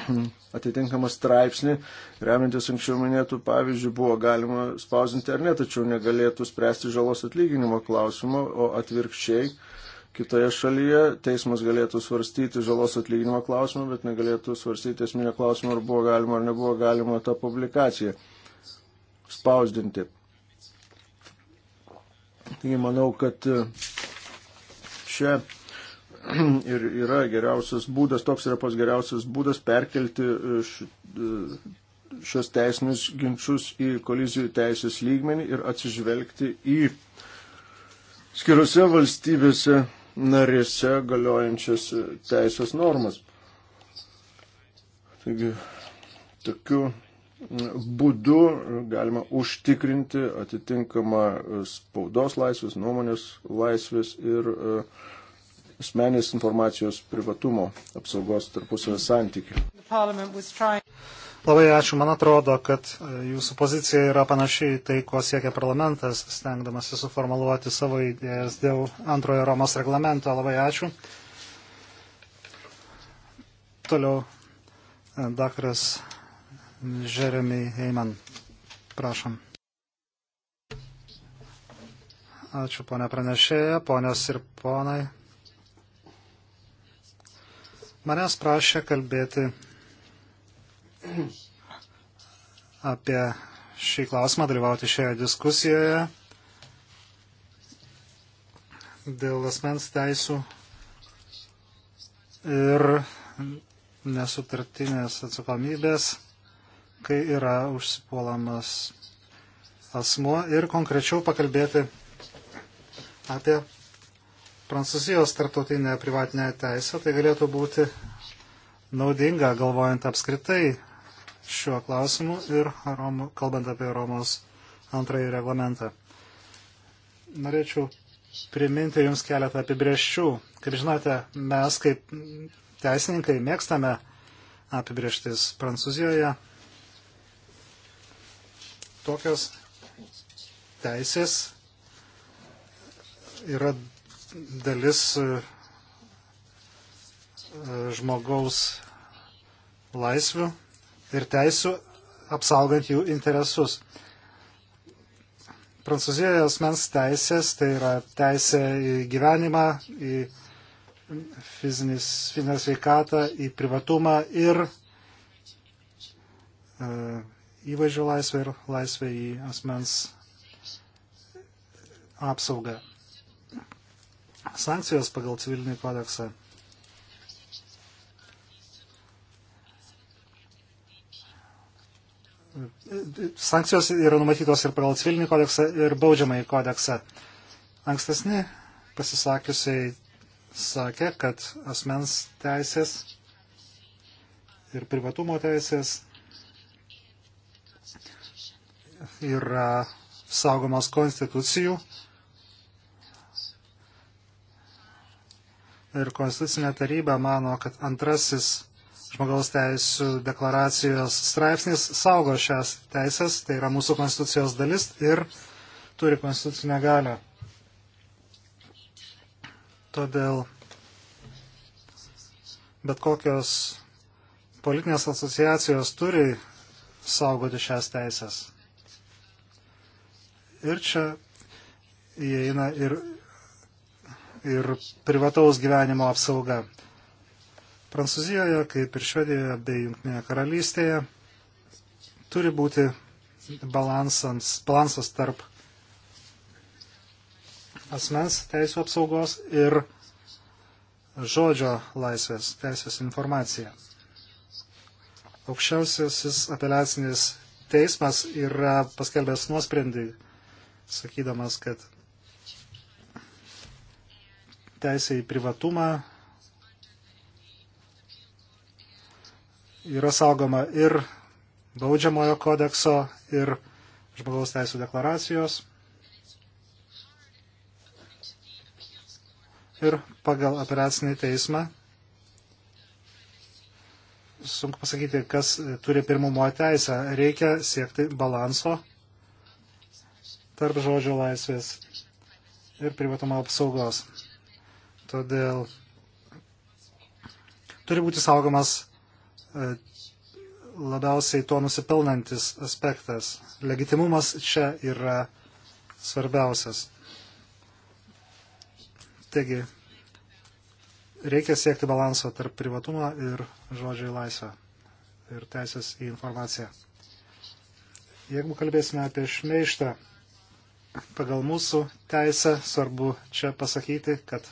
atitinkamą straipsnį, remiantis anksčiau minėtų pavyzdžių, buvo galima spausinti ar ne, tačiau negalėtų spręsti žalos atlyginimo klausimo, o atvirkščiai kitoje šalyje teismas galėtų svarstyti žalos atlyginimo klausimą, bet negalėtų svarstyti esminio klausimo, ar buvo galima ar nebuvo galima tą publikaciją spausdinti. Taigi manau, kad čia ir yra geriausias būdas, toks yra pas geriausias būdas perkelti e, e, šios teisinius ginčius į kolizijų teisės lygmenį ir atsižvelgti į skiriuose valstybėse narėse galiojančias teisės normas. Taigi, tokiu būdu galima užtikrinti atitinkamą spaudos laisvės, nuomonės laisvės ir e, asmenės informacijos privatumo apsaugos tarpusavio santykių. Labai ačiū. Man atrodo, kad e, jūsų pozicija yra panašiai tai, ko siekia parlamentas, stengdamasi suformaluoti savo idėjas dėl antrojo Romos reglamento. Labai ačiū. Toliau e, daktaras Jeremy Heyman. Prašom. Ačiū, ponė pranešėja, ponės ir ponai. Manęs prašė kalbėti apie šį klausimą, dalyvauti šioje diskusijoje dėl asmens teisų ir nesutartinės atsakomybės kai yra užsipuolamas asmuo ir konkrečiau pakalbėti apie Prancūzijos tarptautinę privatinę teisę. Tai galėtų būti naudinga, galvojant apskritai šiuo klausimu ir Rom, kalbant apie Romos antrąjį reglamentą. Norėčiau priminti Jums keletą apibrieščių. Kaip žinote, mes kaip teisininkai mėgstame apibrieštis Prancūzijoje tokios teisės yra dalis e, žmogaus laisvių ir teisų apsaugant jų interesus. Prancūzijoje asmens teisės, tai yra teisė į gyvenimą, į fizinis, fizinę sveikatą, į privatumą ir e, įvaizdžio laisvę ir laisvę į asmens apsaugą. Sankcijos pagal civilinį kodeksą. Sankcijos yra numatytos ir pagal civilinį kodeksą, ir baudžiamąjį kodeksą. Ankstesni pasisakiusiai sakė, kad asmens teisės ir privatumo teisės yra saugomos konstitucijų ir konstitucinė taryba mano, kad antrasis žmogaus teisų deklaracijos straipsnis saugo šias teisės, tai yra mūsų konstitucijos dalis ir turi konstitucinę galę. Todėl bet kokios politinės asociacijos turi saugoti šias teisės. Ir čia įeina ir, ir privataus gyvenimo apsauga. Prancūzijoje, kaip ir Švedijoje bei Junktinėje karalystėje, turi būti balansas tarp asmens teisų apsaugos ir žodžio laisvės, teisės informacija. Aukščiausiasis apeliacinis teismas yra paskelbęs nuosprendį sakydamas, kad teisė į privatumą yra saugoma ir baudžiamojo kodekso, ir žmogaus teisų deklaracijos. Ir pagal operacinį teismą sunku pasakyti, kas turi pirmumo teisę. Reikia siekti balanso tarp žodžio laisvės ir privatumo apsaugos. Todėl turi būti saugomas e, labiausiai tuo nusipelnantis aspektas. Legitimumas čia yra svarbiausias. Taigi, reikia siekti balanso tarp privatumo ir žodžio į laisvę ir teisės į informaciją. Jeigu kalbėsime apie šmeištą, pagal mūsų teisę svarbu čia pasakyti, kad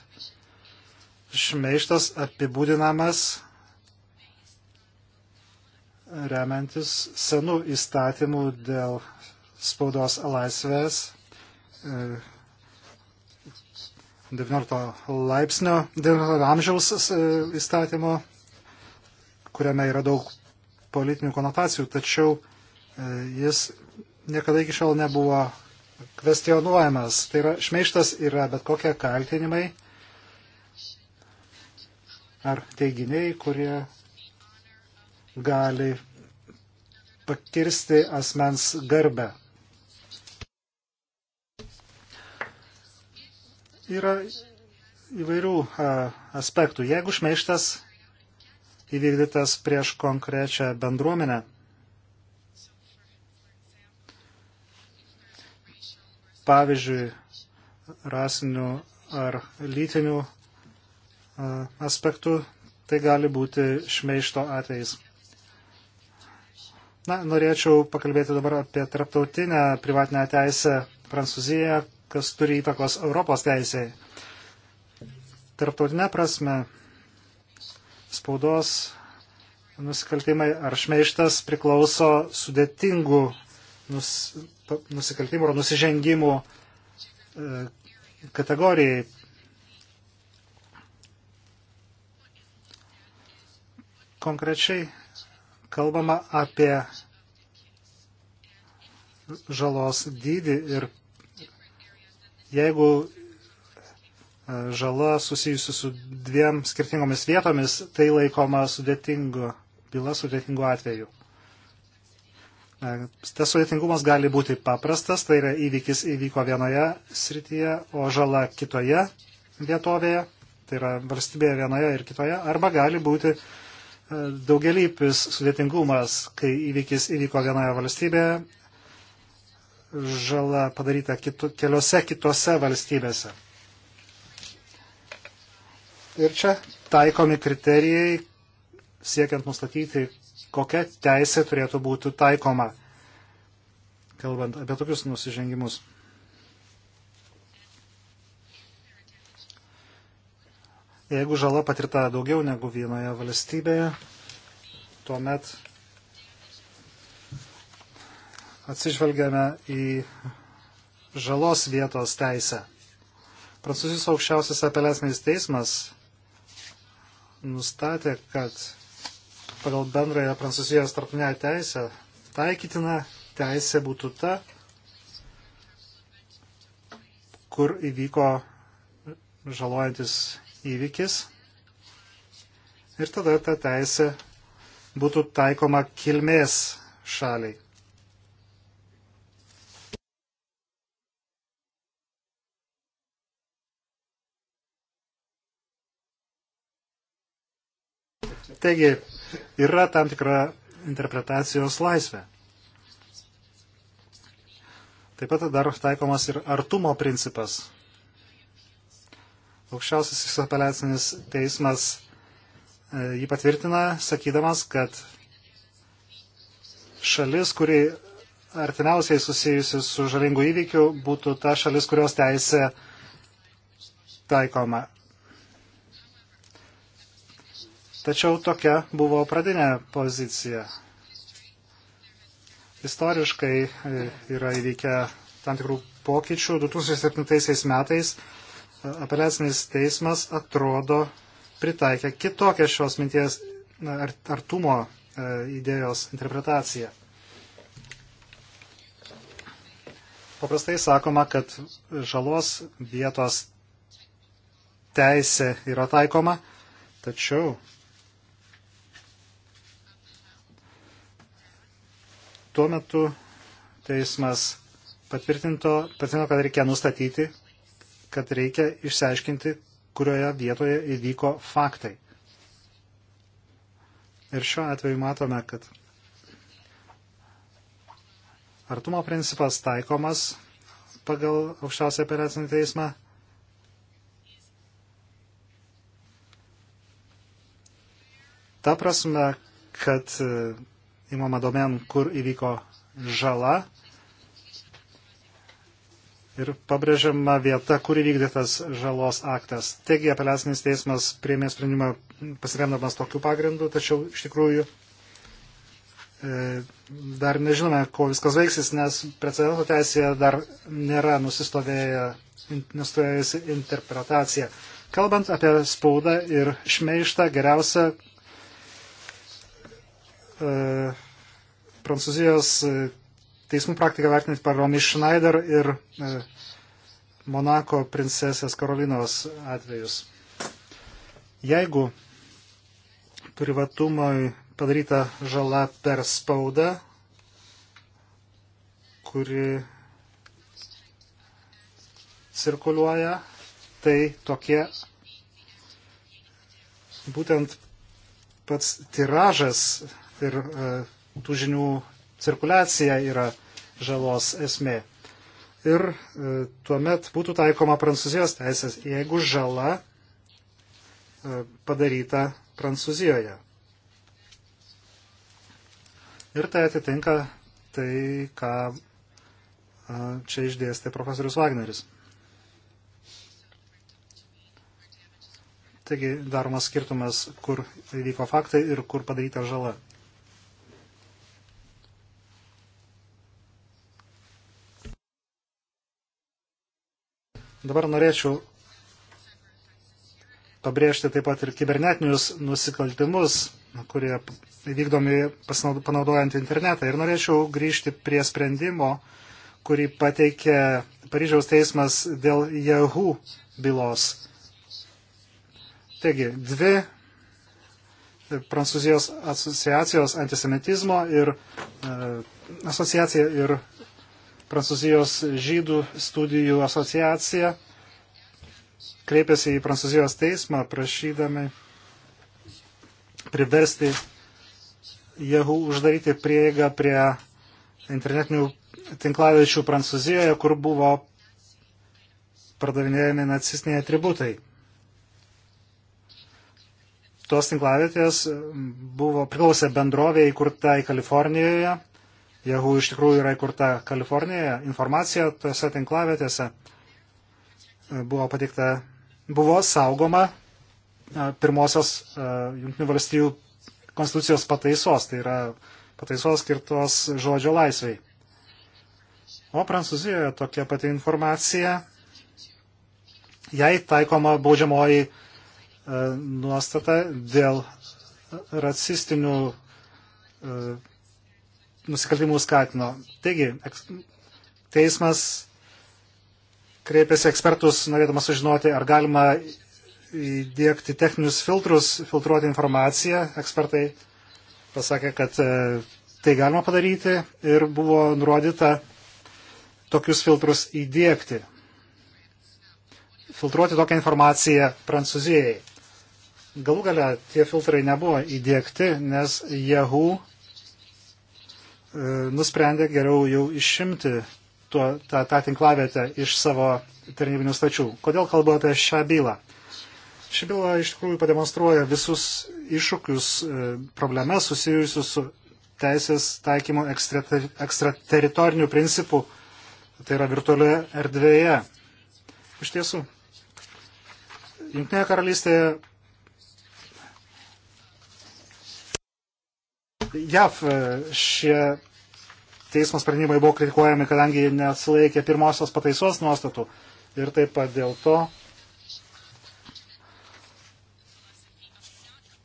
šmeištas apibūdinamas remiantis senų įstatymų dėl spaudos laisvės 19 e, laipsnio, 19 amžiaus e, įstatymo, kuriame yra daug politinių konotacijų, tačiau e, jis niekada iki šiol nebuvo kvestionuojamas. Tai yra, šmeištas yra bet kokie kaltinimai ar teiginiai, kurie gali pakirsti asmens garbę. Yra įvairių a, aspektų. Jeigu šmeištas įvykdytas prieš konkrečią bendruomenę, pavyzdžiui, rasinių ar lytinių aspektų, tai gali būti šmeišto atvejais. Na, norėčiau pakalbėti dabar apie tarptautinę privatinę teisę Prancūziją, kas turi įtakos Europos teisėjai. Tarptautinė prasme spaudos nusikaltimai ar šmeištas priklauso sudėtingų nus, nusikaltimų ar nusižengimų e, kategorijai. Konkrečiai kalbama apie žalos dydį ir jeigu e, žala susijusi su dviem skirtingomis vietomis, tai laikoma sudėtingu, byla sudėtingu atveju. E, tas sudėtingumas gali būti paprastas, tai yra įvykis įvyko vienoje srityje, o žala kitoje vietovėje, tai yra valstybėje vienoje ir kitoje, arba gali būti e, daugelypis sudėtingumas, kai įvykis įvyko vienoje valstybėje, žala padaryta kitu, keliose kitose valstybėse. Ir čia taikomi kriterijai, siekiant nustatyti, kokia teisė turėtų būti taikoma, kalbant apie tokius nusižengimus. Jeigu žala patirta daugiau negu vienoje valstybėje, tuomet atsižvelgiame į žalos vietos teisę. Prancūzijos aukščiausias apeliacinis teismas nustatė, kad pagal bendrąją Prancūzijos tarptautinę teisę taikytina teisė būtų ta, kur įvyko žalojantis įvykis. Ir tada ta teisė būtų taikoma kilmės šaliai. Taigi, yra tam tikra interpretacijos laisvė. Taip pat dar taikomas ir artumo principas. Aukščiausiasis apeliacinis teismas e, jį patvirtina, sakydamas, kad šalis, kuri artimiausiai susijusi su žalingu įvykiu, būtų ta šalis, kurios teisė taikoma. Tačiau tokia buvo pradinė pozicija. Istoriškai e, yra įvykę tam tikrų pokyčių. 2007 metais e, apeliacinis teismas atrodo pritaikė kitokią šios minties artumo e, idėjos interpretaciją. Paprastai sakoma, kad žalos vietos teisė yra taikoma, tačiau Tuo metu teismas patvirtino, kad reikia nustatyti, kad reikia išsiaiškinti, kurioje vietoje įvyko faktai. Ir šiuo atveju matome, kad artumo principas taikomas pagal aukščiausią apeliacinį teismą. Ta prasme, kad imama domen, kur įvyko žala ir pabrėžiama vieta, kur įvykdytas žalos aktas. Taigi apeliacinis teismas priėmė sprendimą pasiremdamas tokiu pagrindu, tačiau iš tikrųjų e, dar nežinome, kuo viskas veiksis, nes precedento teisėje dar nėra nusistovėjusi interpretacija. Kalbant apie spaudą ir šmeištą, geriausia E, Prancūzijos e, teismų praktiką vertinti per Romy Schneider ir e, Monako princesės Karolinos atvejus. Jeigu privatumui padaryta žala per spaudą, kuri cirkuliuoja, tai tokie būtent pats tiražas ir e, tų žinių cirkuliacija yra žalos esmė. Ir e, tuomet būtų taikoma Prancūzijos teisės, jeigu žala e, padaryta Prancūzijoje. Ir tai atitinka tai, ką čia išdėstė profesorius Wagneris. Taigi daromas skirtumas, kur įvyko faktai ir kur padaryta žala. Dabar norėčiau pabrėžti taip pat ir kibernetinius nusikaltimus, kurie vykdomi panaudojant internetą. Ir norėčiau grįžti prie sprendimo, kurį pateikė Paryžiaus teismas dėl Yahoo bylos. Taigi, dvi Prancūzijos asociacijos antisemitizmo ir e, asociacija ir Prancūzijos žydų studijų asociacija kreipėsi į Prancūzijos teismą prašydami priversti Jehu uždaryti prieigą prie internetinių tinklavečių Prancūzijoje, kur buvo pardavinėjami nacistiniai atributai. Tos tinklavietės buvo priklausę bendrovė įkurtai Kalifornijoje Yahoo iš tikrųjų yra įkurta Kalifornijoje. Informacija tose tinklavietėse e, buvo patikta, buvo saugoma e, pirmosios e, Junktinių valstybių konstitucijos pataisos, tai yra pataisos skirtos žodžio laisvai. O Prancūzijoje tokia pati informacija, jai taikoma baudžiamoji nuostata dėl rasistinių nusikaltimų skatino. Taigi, teismas kreipėsi ekspertus, norėdamas sužinoti, ar galima įdėkti techninius filtrus, filtruoti informaciją. Ekspertai pasakė, kad e, tai galima padaryti ir buvo nurodyta tokius filtrus įdėkti. Filtruoti tokią informaciją Prancūzijai. Galų gale tie filtrai nebuvo įdėkti, nes Yahoo E, nusprendė geriau jau išimti tuo, tą, tą tinklavietę iš savo tarnybinių stačių. Kodėl kalbu apie šią bylą? Ši byla iš tikrųjų pademonstruoja visus iššūkius, e, problemas susijusius su teisės taikymo ekstrateritorinių principų, tai yra virtualioje erdvėje. Iš tiesų, Junktinėje karalystėje JAV e, šie teismo sprendimai buvo kritikuojami, kadangi nesilaikė pirmosios pataisos nuostatų ir taip pat dėl to,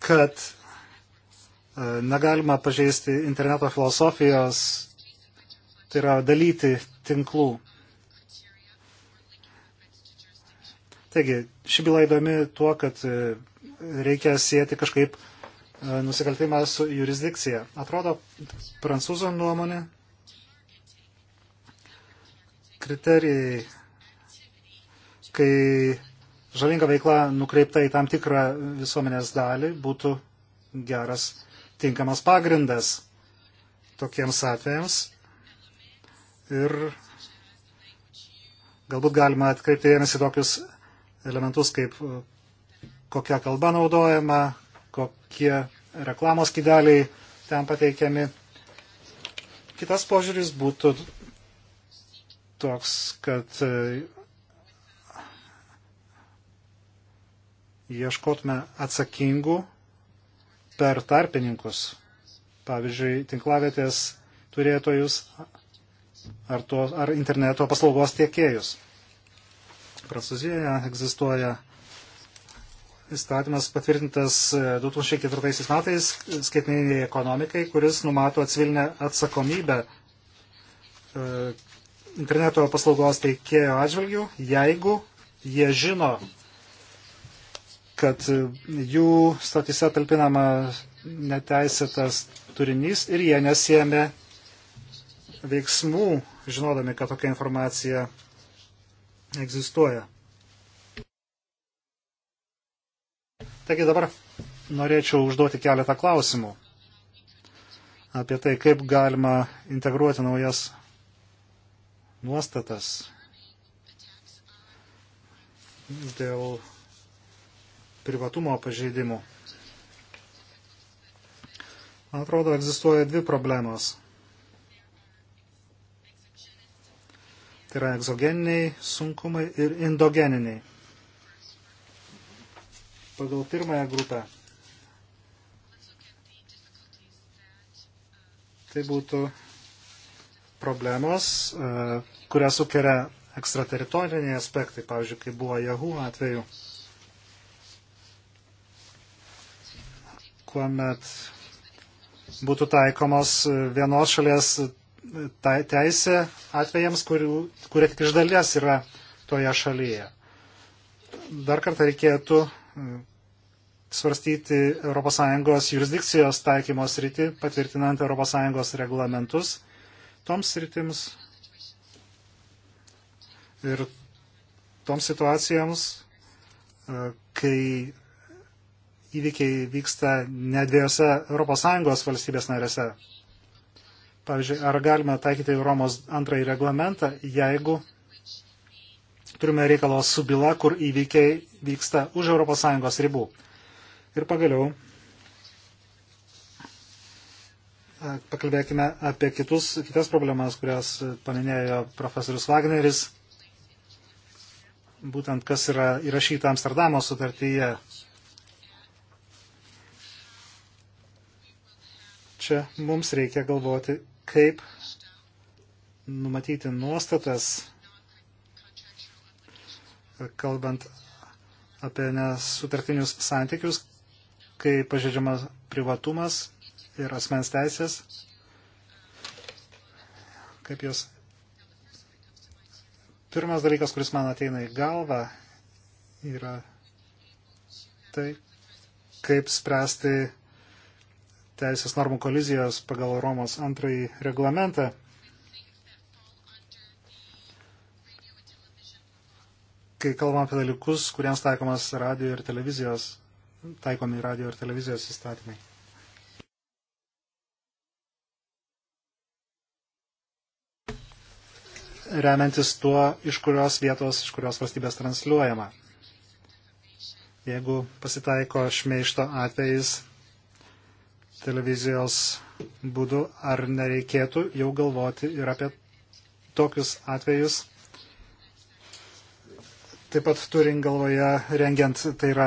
kad e, negalima pažeisti interneto filosofijos, tai yra dalyti tinklų. Taigi, ši byla įdomi tuo, kad e, reikia sieti kažkaip uh, E, nusikaltimą su jurisdikcija. Atrodo, prancūzų nuomonė, kriterijai, kai žalinga veikla nukreipta į tam tikrą visuomenės dalį, būtų geras tinkamas pagrindas tokiems atvejams. Ir galbūt galima atkreipti dėmesį tokius elementus, kaip e, kokia kalba naudojama, kokie reklamos skydeliai ten pateikiami. Kitas požiūris būtų toks, kad e, ieškotume atsakingų per tarpininkus, pavyzdžiui, tinklavietės turėtojus ar, to, ar interneto paslaugos tiekėjus. Prancūzijoje egzistuoja įstatymas patvirtintas 2004 e, metais skaitmeniniai ekonomikai, kuris numato civilinę atsakomybę e, interneto paslaugos teikėjo atžvilgių, jeigu jie žino, kad e, jų statise talpinama neteisėtas turinys ir jie nesėmė veiksmų, žinodami, kad tokia informacija egzistuoja. Taigi dabar norėčiau užduoti keletą klausimų apie tai, kaip galima integruoti naujas nuostatas dėl privatumo pažeidimų. Man atrodo, egzistuoja dvi problemos. Tai yra egzogeniniai sunkumai ir endogeniniai. Pagal pirmąją grupę tai būtų problemos, e, kurią sukelia ekstrateritoriniai aspektai, pavyzdžiui, kai buvo Jahu atveju, kuomet būtų taikomos vienos šalies tai, teisė atvejams, kurių, kurie tik iš dalies yra toje šalyje. Dar kartą reikėtų svarstyti ES jurisdikcijos taikymos rytį, patvirtinant ES reglamentus toms rytims ir toms situacijoms, e, kai įvykiai vyksta ne dviejose ES valstybės narėse. Pavyzdžiui, ar galima taikyti Romos antrąjį reglamentą, jeigu turime reikalo su byla, kur įvykiai vyksta už ES ribų. Ir pagaliau e, pakalbėkime apie kitus, kitas problemas, kurias paminėjo profesorius Wagneris, būtent kas yra įrašyta Amsterdamo sutartyje. Čia mums reikia galvoti, kaip numatyti nuostatas kalbant apie nesutartinius santykius, kai pažeidžiamas privatumas ir asmens teisės, kaip jos. Pirmas dalykas, kuris man ateina į galvą, yra tai, kaip spręsti teisės normų kolizijos pagal Romos antrąjį reglamentą. kai kalbam apie dalykus, kuriems taikomas radio ir televizijos, taikomi radio ir televizijos įstatymai. remiantis tuo, iš kurios vietos, iš kurios valstybės transliuojama. Jeigu pasitaiko šmeišto atvejais televizijos būdu, ar nereikėtų jau galvoti ir apie tokius atvejus, Taip pat turint galvoje rengiant, tai yra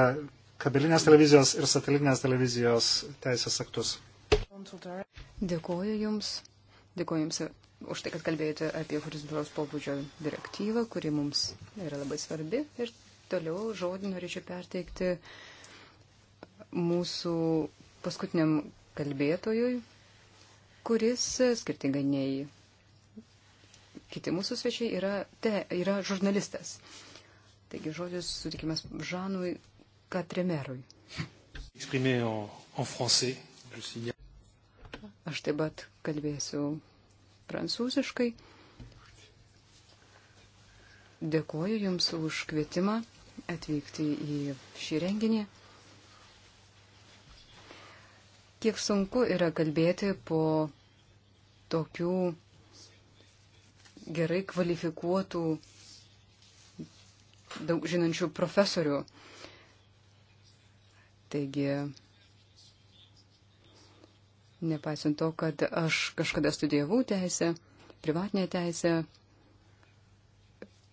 kabelinės televizijos ir satelitinės televizijos teisės aktus. Dėkuoju Jums. Dėkuoju Jums už tai, kad kalbėjote apie horizontalaus pobūdžio direktyvą, kuri mums yra labai svarbi. Ir toliau žodį norėčiau perteikti mūsų paskutiniam kalbėtojui, kuris skirtingai nei kiti mūsų svečiai yra, te, yra žurnalistas. Taigi žodis sutikimas Žanui Katremerui. Aš taip pat kalbėsiu prancūziškai. Dėkuoju Jums už kvietimą atvykti į šį renginį. Kiek sunku yra kalbėti po tokių gerai kvalifikuotų daug žinančių profesorių. Taigi, nepaisant to, kad aš kažkada studijavau teisę, privatinę teisę,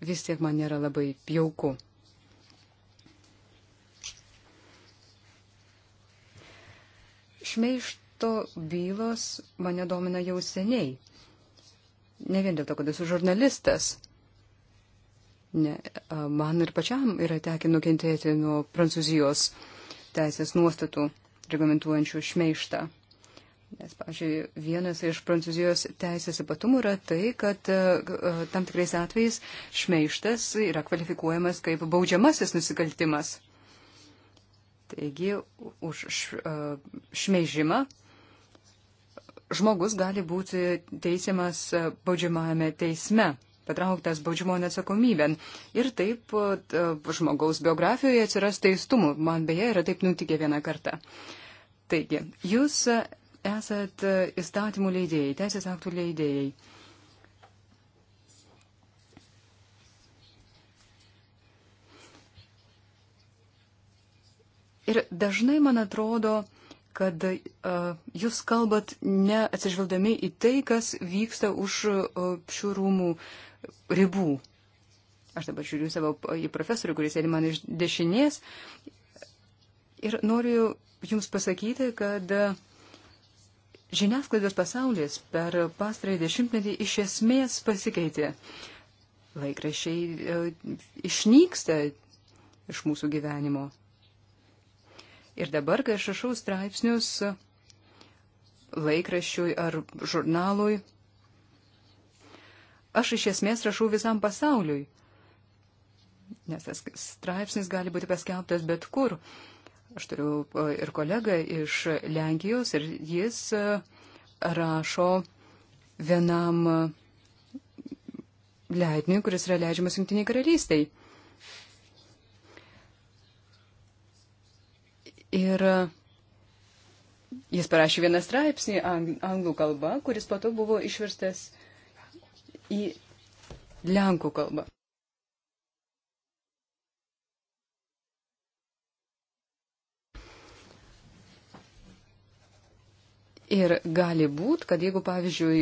vis tiek man nėra labai jauku. Šmeišto bylos mane domina jau seniai. Ne vien dėl to, kad esu žurnalistas, Ne, man ir pačiam yra tekę nukentėti nuo Prancūzijos teisės nuostatų reglamentuojančių šmeištą. Nes, pažiūrėjau, vienas iš Prancūzijos teisės ypatumų yra tai, kad uh, tam tikrais atvejais šmeištas yra kvalifikuojamas kaip baudžiamasis nusikaltimas. Taigi, už š, uh, šmeižimą žmogus gali būti teisiamas baudžiamajame teisme patrauktas baudžiamon atsakomybėn. Ir taip žmogaus biografijoje atsiras teistumų. Man beje yra taip nutikė vieną kartą. Taigi, jūs esat įstatymų leidėjai, teisės aktų leidėjai. Ir dažnai man atrodo, kad uh, jūs kalbat neatsižvelgdami į tai, kas vyksta už uh, šių rūmų uh, ribų. Aš dabar žiūriu savo į profesorių, kuris sėdi man iš dešinės. Ir noriu Jums pasakyti, kad žiniasklaidos pasaulis per pastarąjį dešimtmetį iš esmės pasikeitė. Laikrašiai e, išnyksta iš mūsų gyvenimo. Ir dabar, kai aš rašau straipsnius laikraščiui ar žurnalui, Aš iš esmės rašau visam pasauliui, nes tas straipsnis gali būti paskelbtas bet kur. Aš turiu e, ir kolegą iš Lenkijos ir jis e, rašo vienam e, leidiniui, kuris yra leidžiamas Junktiniai karalystiai. Ir jis parašė vieną straipsnį anglų kalba, kuris pato buvo išverstas į lenkų kalbą. Ir gali būt, kad jeigu, pavyzdžiui,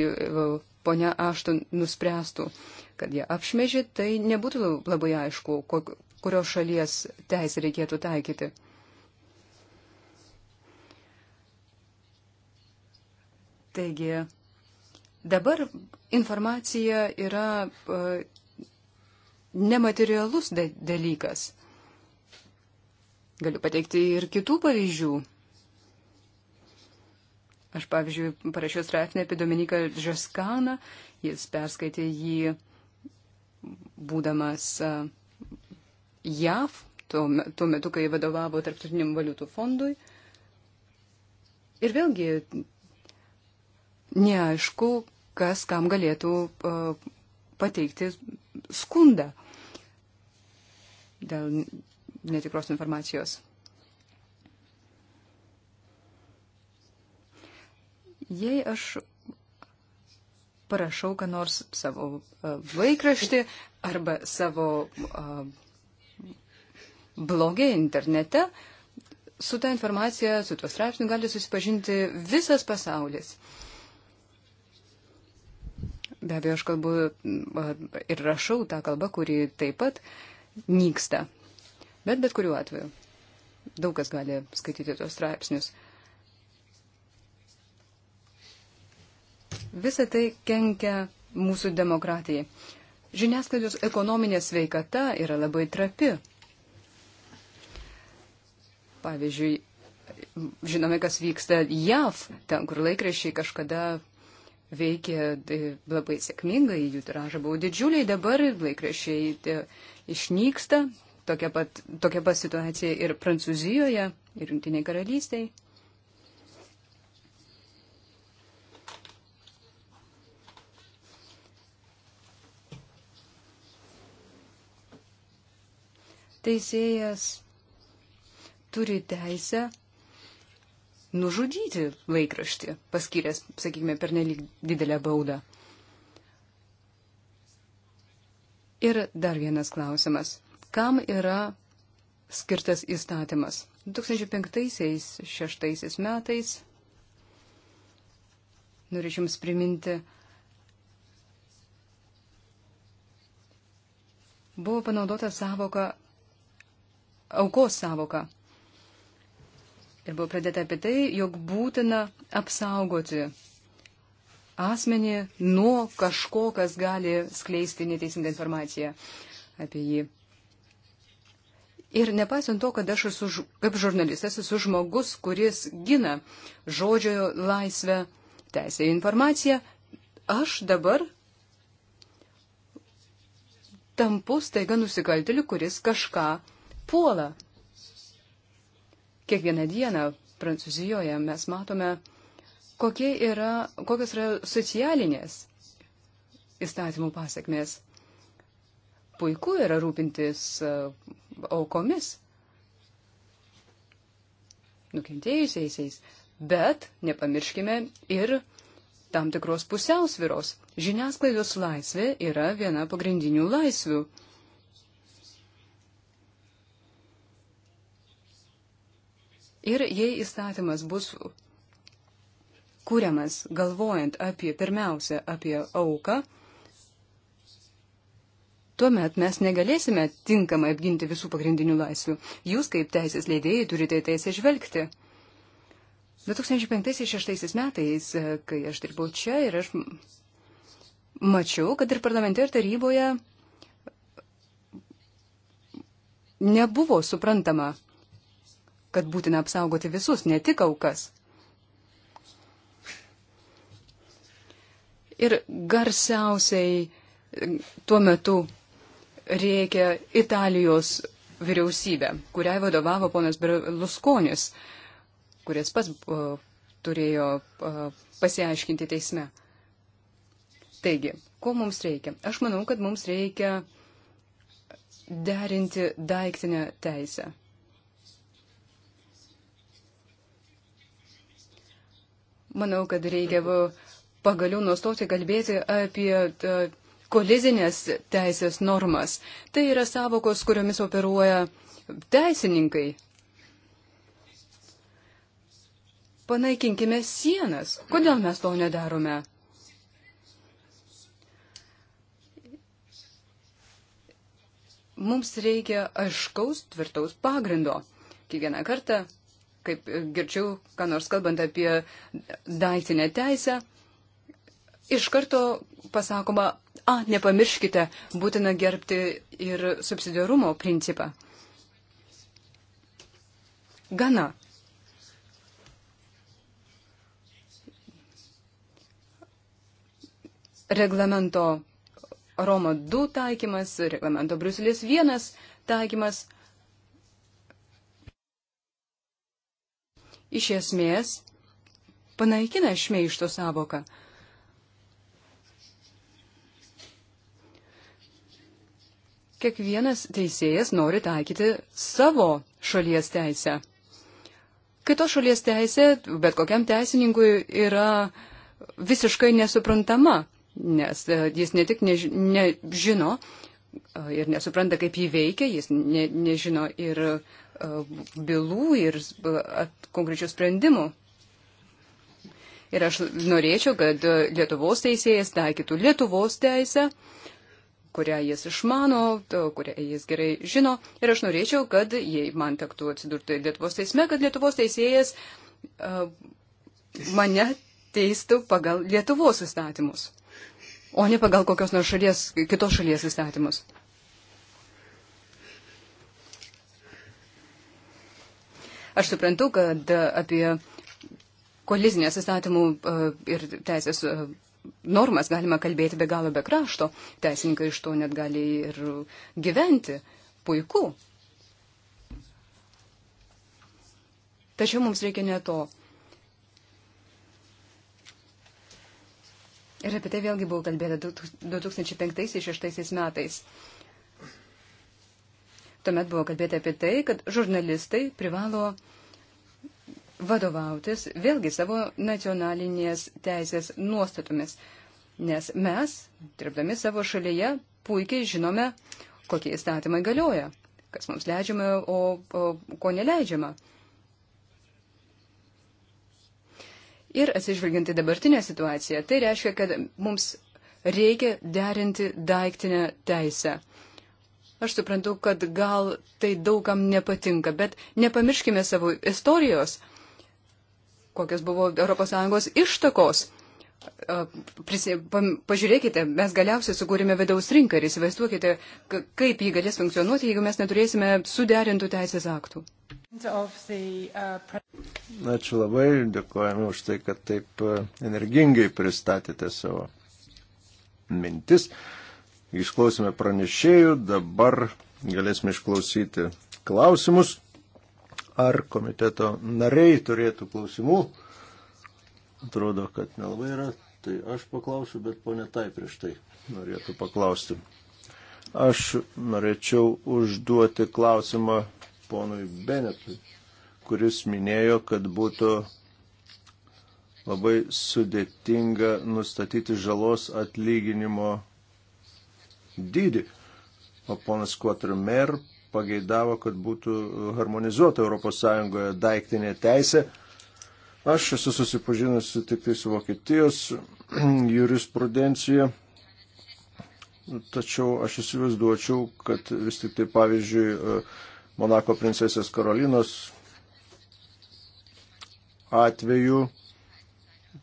ponia Ašton nuspręstų, kad jie apšmeži, tai nebūtų labai aišku, kurios šalies teisę reikėtų taikyti. Taigi, Dabar informacija yra e, nematerialus dalykas. Galiu pateikti ir kitų pavyzdžių. Aš, pavyzdžiui, parašiau straipsnį apie Dominiką Žaskaną, jis perskaitė jį būdamas e, JAV, tuo metu, kai vadovavo Tarptautiniam valiutų fondui. Ir vėlgi neaišku, kas kam galėtų e, pateikti skundą dėl netikros informacijos. Jei aš parašau, ką nors savo e, laikraštį arba savo e, blogė internete, su ta informacija, su tuo straipsniu gali susipažinti visas pasaulis. Be abejo, aš kalbu ir rašau tą kalbą, kuri taip pat nyksta. Bet bet kuriuo atveju. Daug kas gali skaityti tos straipsnius. Visą tai kenkia mūsų demokratijai. Žiniasklaidos ekonominė sveikata yra labai trapi. Pavyzdžiui, žinome, kas vyksta JAV, ten, kur laikrašiai kažkada veikė e, labai sėkmingai, jų tiražai buvo didžiuliai, dabar laikrašiai e, išnyksta, tokia pat, tokia pat situacija ir Prancūzijoje, ir Junktiniai karalystiai. Teisėjas turi teisę nužudyti laikraštį, paskyręs, sakykime, per nelik didelę baudą. Ir dar vienas klausimas. Kam yra skirtas įstatymas? 2005-2006 metais, norėčiau Jums priminti, buvo panaudota savoka, aukos savoka. Ir buvo pradėta apie tai, jog būtina apsaugoti asmenį nuo kažko, kas gali skleisti neteisingą informaciją apie jį. Ir nepaisant to, kad aš esu, kaip žurnalistas, esu žmogus, kuris gina žodžio laisvę, teisę į informaciją, aš dabar tampu staiga nusikalteliu, kuris kažką puola. Kiekvieną dieną Prancūzijoje mes matome, kokie yra, kokios yra socialinės įstatymų pasakmės. Puiku yra rūpintis e, aukomis, nukentėjusiais, bet nepamirškime ir tam tikros pusiausviros. Žiniasklaidos laisvė yra viena pagrindinių laisvių. Ir jei įstatymas bus kūriamas galvojant apie pirmiausia apie auką, tuomet mes negalėsime tinkamai apginti visų pagrindinių laisvių. Jūs kaip teisės leidėjai turite teisę žvelgti. 2005-2006 metais, e, kai aš dirbau čia ir aš mačiau, kad ir parlamente ir taryboje nebuvo suprantama, kad būtina apsaugoti visus, ne tik aukas. Ir garsiausiai tuo metu reikia Italijos vyriausybė, kuriai vadovavo ponas Berlusconis, kuris pas uh, turėjo uh, pasiaiškinti teisme. Taigi, ko mums reikia? Aš manau, kad mums reikia derinti daiktinę teisę. Manau, kad reikia pagaliau nustoti kalbėti apie kolizinės teisės normas. Tai yra savokos, kuriomis operuoja teisininkai. Panaikinkime sienas. Kodėl mes to nedarome? Mums reikia aiškaus tvirtaus pagrindo. Kiekvieną kartą kaip girdžiu, ką nors kalbant apie daiktinę teisę, iš karto pasakoma, a, nepamirškite, būtina gerbti ir subsidiarumo principą. Gana. Reglamento Roma 2 taikymas, reglamento Bruselis 1 taikymas iš esmės panaikina šmeišto savoką. Kiekvienas teisėjas nori taikyti savo šalies teisę. Kitos šalies teisė, bet kokiam teisininkui, yra visiškai nesuprantama, nes e, jis ne tik než, nežino e, ir nesupranta, kaip jį veikia, jis ne, nežino ir bylų ir e, konkrečių sprendimų. Ir aš norėčiau, kad e, Lietuvos teisėjas taikytų Lietuvos teisę, kurią jis išmano, kurią jis gerai žino. Ir aš norėčiau, kad jei man tektų atsidurti Lietuvos teisme, kad Lietuvos teisėjas e, mane teistų pagal Lietuvos įstatymus, o ne pagal kokios nors šalies, kitos šalies įstatymus. Aš suprantu, kad e, apie kolizinės įstatymų e, ir teisės e, normas galima kalbėti be galo be krašto. Teisininkai iš to net gali ir gyventi. Puiku. Tačiau mums reikia ne to. Ir apie tai vėlgi buvo kalbėta 2005-2006 metais. Tuomet buvo kalbėti apie tai, kad žurnalistai privalo vadovautis vėlgi savo nacionalinės teisės nuostatomis, nes mes, dirbdami savo šalyje, puikiai žinome, kokie įstatymai galioja, kas mums leidžiama, o, o ko neleidžiama. Ir atsižvelginti dabartinę situaciją, tai reiškia, kad mums reikia derinti daiktinę teisę. Aš suprantu, kad gal tai daugam nepatinka, bet nepamirškime savo istorijos, kokios buvo ES ištakos. Prisi, pa, pažiūrėkite, mes galiausiai sukūrėme vidaus rinką ir įsivaizduokite, kaip jį galės funkcionuoti, jeigu mes neturėsime suderintų teisės aktų. Ačiū labai, dėkojame už tai, kad taip energingai pristatėte savo mintis. Išklausime pranešėjų, dabar galėsime išklausyti klausimus. Ar komiteto nariai turėtų klausimų? Atrodo, kad nelabai yra. Tai aš paklausiu, bet ponė tai prieš tai norėtų paklausti. Aš norėčiau užduoti klausimą ponui Benetui, kuris minėjo, kad būtų labai sudėtinga nustatyti žalos atlyginimo dydį. O ponas Quatermer pageidavo, kad būtų harmonizuota ES daiktinė teisė. Aš esu susipažinusi tik tai su Vokietijos jurisprudencija, tačiau aš įsivaizduočiau, kad vis tik tai pavyzdžiui e, Monako princesės Karolinos atveju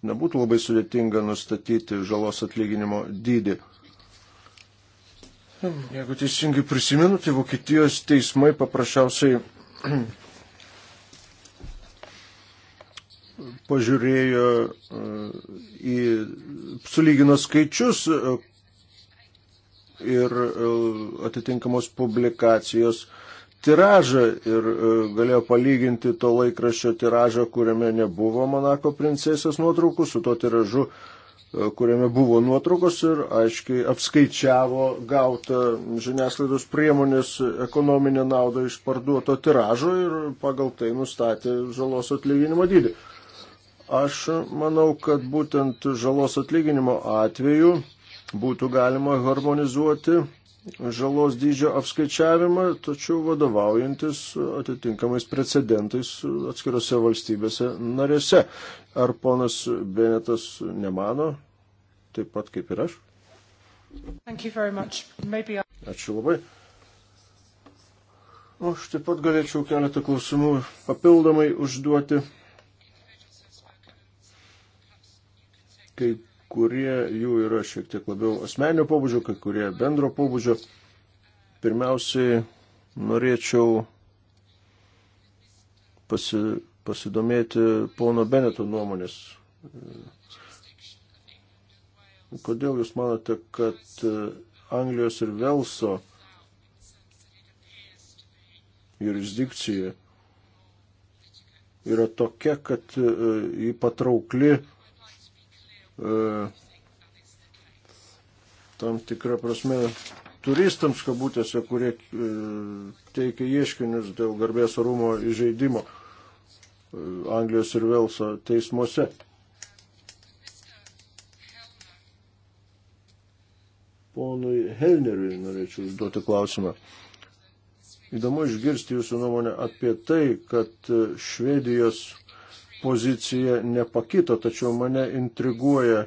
nebūtų labai sudėtinga nustatyti žalos atlyginimo dydį. Jeigu teisingai prisimenu, tai Vokietijos teismai paprasčiausiai pažiūrėjo e, į, sulygino skaičius e, ir e, atitinkamos publikacijos tiražą ir galėjo palyginti to laikraščio tiražą, kuriame nebuvo Monako princesės nuotraukų, su to tiražu, E, kuriame buvo nuotraukos ir aiškiai apskaičiavo gautą žiniasklaidos priemonės ekonominę naudą iš parduoto tiražo ir pagal tai nustatė žalos atlyginimo dydį. Aš manau, kad būtent žalos atlyginimo atveju būtų galima harmonizuoti žalos dydžio apskaičiavimą, tačiau vadovaujantis atitinkamais precedentais atskirose valstybėse narėse. Ar ponas Benetas nemano, taip pat kaip ir aš? Maybe... Ačiū labai. Aš taip pat galėčiau keletą klausimų papildomai užduoti. Kaip kurie jų yra šiek tiek labiau asmenio pobūdžio, kai kurie bendro pobūdžio. Pirmiausiai norėčiau pasi, pasidomėti pono Beneto nuomonės. Kodėl jūs manote, kad e, Anglijos ir Velso jurisdikcija yra tokia, kad e, jį patraukli E, tam tikrą prasme turistams kabutėse, kurie e, teikia ieškinius dėl garbės orumo įžeidimo e, Anglijos ir Velso teismuose. Ponui Helneriui norėčiau užduoti klausimą. Įdomu išgirsti jūsų nuomonę apie tai, kad Švedijos pozicija nepakito, tačiau mane intriguoja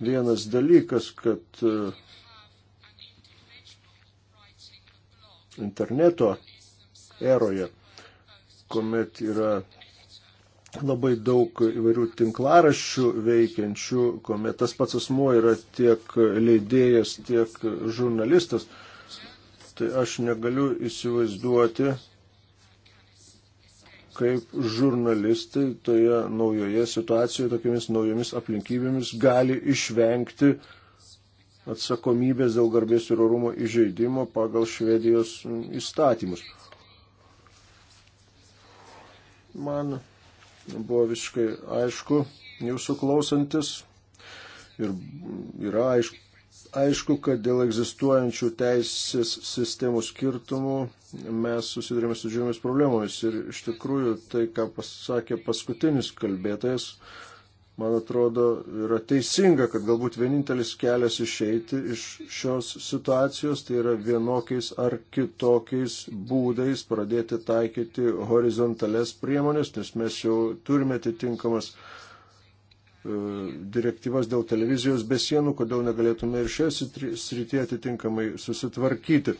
vienas dalykas, kad e, interneto eroje, kuomet yra labai daug įvairių tinklaraščių veikiančių, kuomet tas pats asmuo yra tiek leidėjas, tiek žurnalistas, tai aš negaliu įsivaizduoti, kaip žurnalistai toje naujoje situacijoje, tokiamis naujomis aplinkybėmis gali išvengti atsakomybės dėl garbės ir orumo įžeidimo pagal Švedijos įstatymus. Man buvo visiškai aišku jūsų klausantis ir yra aišku, Aišku, kad dėl egzistuojančių teisės sistemų skirtumų mes susidurėme su džiūrimis problemomis. Ir iš tikrųjų tai, ką pasakė paskutinis kalbėtojas, man atrodo, yra teisinga, kad galbūt vienintelis kelias išeiti iš šios situacijos, tai yra vienokiais ar kitokiais būdais pradėti taikyti horizontales priemonės, nes mes jau turime atitinkamas E, direktyvas dėl televizijos besienų, kodėl negalėtume ir šioje srityje atitinkamai susitvarkyti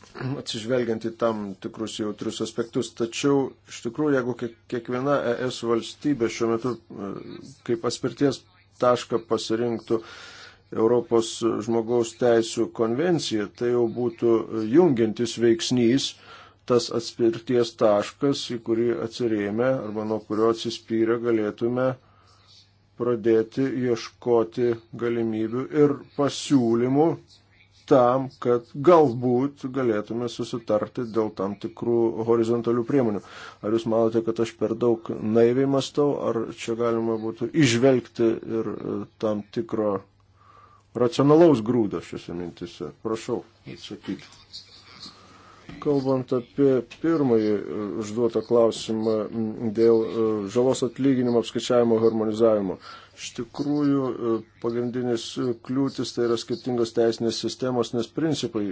atsižvelgiant į tam tikrus jautrius aspektus. Tačiau, iš tikrųjų, jeigu kiekviena ES valstybė šiuo metu e, kaip aspirties tašką pasirinktų Europos žmogaus teisų konvenciją, tai jau būtų jungiantis veiksnys tas atspirties taškas, į kurį atsirėmė arba nuo kurio atsispyrę galėtume pradėti ieškoti galimybių ir pasiūlymų tam, kad galbūt galėtume susitarti dėl tam tikrų horizontalių priemonių. Ar jūs manote, kad aš per daug naiviai mastau, ar čia galima būtų išvelgti ir e, tam tikro racionalaus grūdo šiuose mintise? Prašau atsakyti. Kalbant apie pirmąjį e, užduotą klausimą dėl e, žalos atlyginimo apskaičiavimo harmonizavimo. Iš tikrųjų, e, pagrindinis kliūtis tai yra skirtingos teisinės sistemos, nes principai,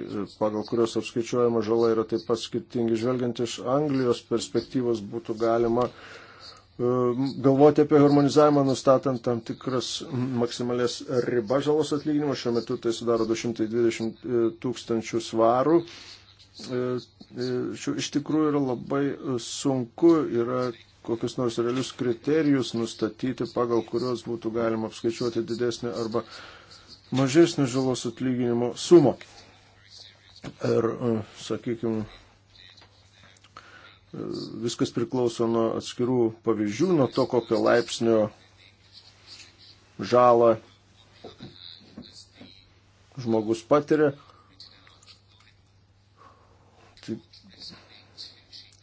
pagal kurios apskaičiuojama žala, yra taip pat skirtingi. Žvelgiant iš Anglijos perspektyvos būtų galima galvoti apie harmonizavimą, nustatant tam tikras maksimalės ribas žalos atlyginimo. Šiuo metu tai sudaro 220 tūkstančių svarų. E, iš tikrųjų yra labai sunku, yra kokius nors realius kriterijus nustatyti, pagal kuriuos būtų galima apskaičiuoti didesnį arba mažesnį žalos atlyginimo sumą. Ir, e, sakykime, viskas priklauso nuo atskirų pavyzdžių, nuo to, kokio laipsnio žalą žmogus patiria.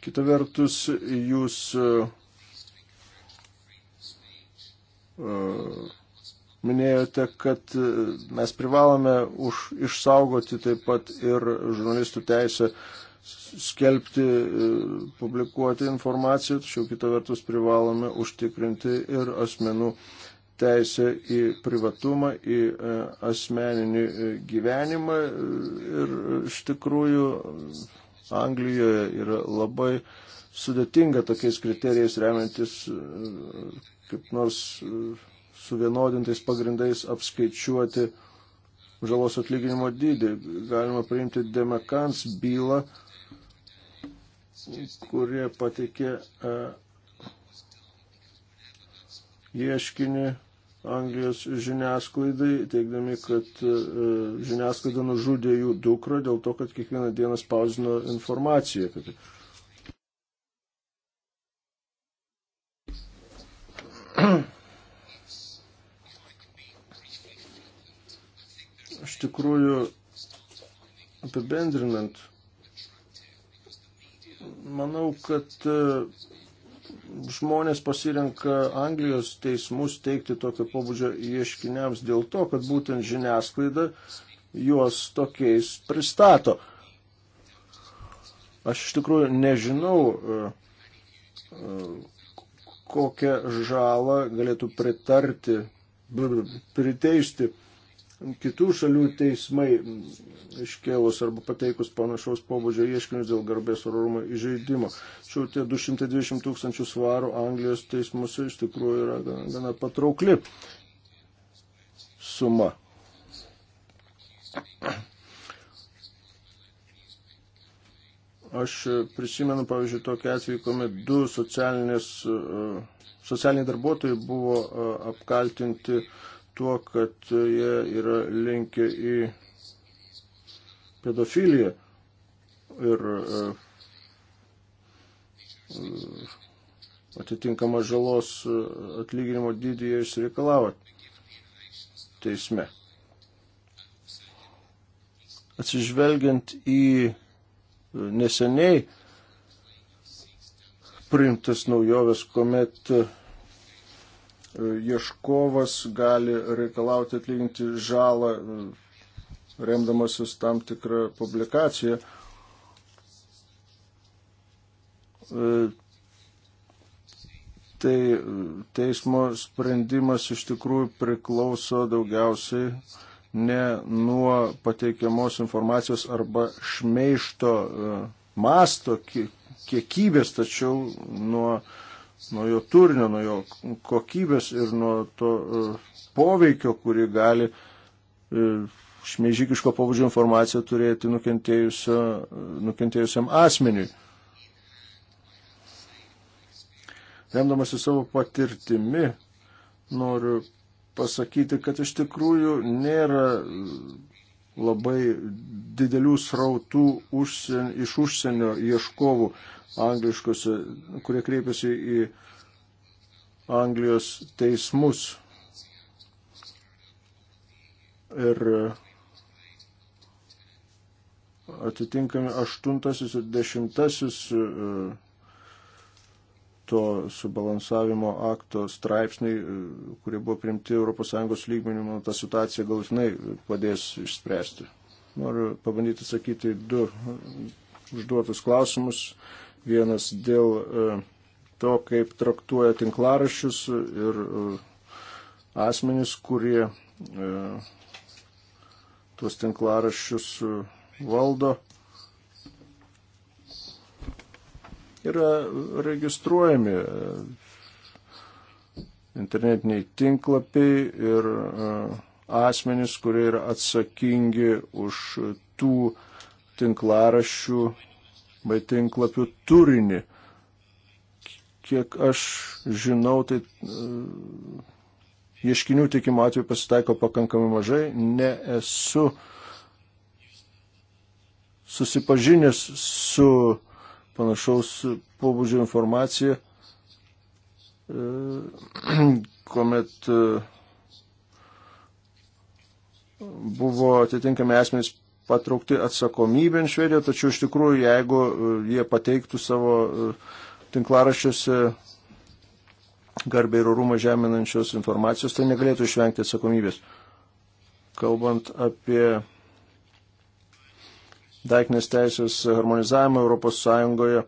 Kita vertus, jūs e, minėjote, kad e, mes privalome už, išsaugoti taip pat ir žurnalistų teisę skelbti, e, publikuoti informaciją, tačiau kita vertus privalome užtikrinti ir asmenų teisę į privatumą, į asmeninį gyvenimą ir iš tikrųjų Anglijoje yra labai sudėtinga tokiais kriterijais remiantis e, kaip nors e, suvienodintais pagrindais apskaičiuoti žalos atlyginimo dydį. Galima priimti Demekans bylą, kurie patikė e, ieškinį Anglijos žiniasklaidai, teikdami, kad e, žiniasklaida nužudė jų dukrą dėl to, kad kiekvieną dieną spausino informaciją. Tai. Iš tikrųjų, apibendrinant, manau, kad e, žmonės pasirenka Anglijos teismus teikti tokio pobūdžio ieškiniams dėl to, kad būtent žiniasklaida juos tokiais pristato. Aš iš tikrųjų nežinau, e, e, kokią žalą galėtų pritarti, priteisti kitų šalių teismai iškėlus arba pateikus panašaus pobūdžio ieškinius dėl garbės orumo įžeidimo. Šiuo tie 220 tūkstančių svarų Anglijos teismuose iš tikrųjų yra gana, gana patraukli suma. Aš prisimenu, pavyzdžiui, tokį atvejį, kuomet du e, socialiniai darbuotojai buvo e, apkaltinti uh, tuo, kad jie yra linkę į pedofiliją. Ir e, atitinkamą žalos atlyginimo dydį jie išsireikalavo teisme. Atsižvelgiant į neseniai priimtas naujoves, kuomet E, ieškovas gali reikalauti atlyginti žalą e, remdamasis tam tikrą publikaciją. E, tai teismo sprendimas iš tikrųjų priklauso daugiausiai ne nuo pateikiamos informacijos arba šmeišto masto kiekybės, tačiau nuo uh, nuo jo turinio, nuo jo kokybės ir nuo to e, poveikio, kurį gali e, šmeižikiško pavadžio informacija turėti e, nukentėjusiam asmeniui. Remdamasi savo patirtimi, noriu pasakyti, kad iš tikrųjų nėra labai didelių srautų užsien, iš užsienio ieškovų angliškose, kurie kreipiasi į Anglijos teismus. Ir atitinkami aštuntasis ir dešimtasis uh, to subalansavimo akto straipsniai, kurie buvo primti ES lygmenių, man ta situacija galutinai padės išspręsti. Noriu pabandyti atsakyti du užduotus klausimus. Vienas dėl e, to, kaip traktuoja tinklarašius ir e, asmenys, kurie e, tuos tinklarašius valdo. yra registruojami e, internetiniai tinklapiai ir e, asmenys, kurie yra atsakingi už tų tinklarašių bei tinklapių turinį. Kiek aš žinau, tai e, ieškinių tikimo atveju pasitaiko pakankamai mažai. Nesu susipažinęs su uh, panašaus pobūdžio informaciją, e, kuomet e, buvo atitinkami asmenys patraukti atsakomybėn Švedijoje, tačiau iš tikrųjų, jeigu e, jie pateiktų savo tinklaraščiuose garbę ir orumą žeminančios informacijos, tai negalėtų išvengti atsakomybės. Kalbant apie daiknės teisės harmonizavimą Europos Sąjungoje.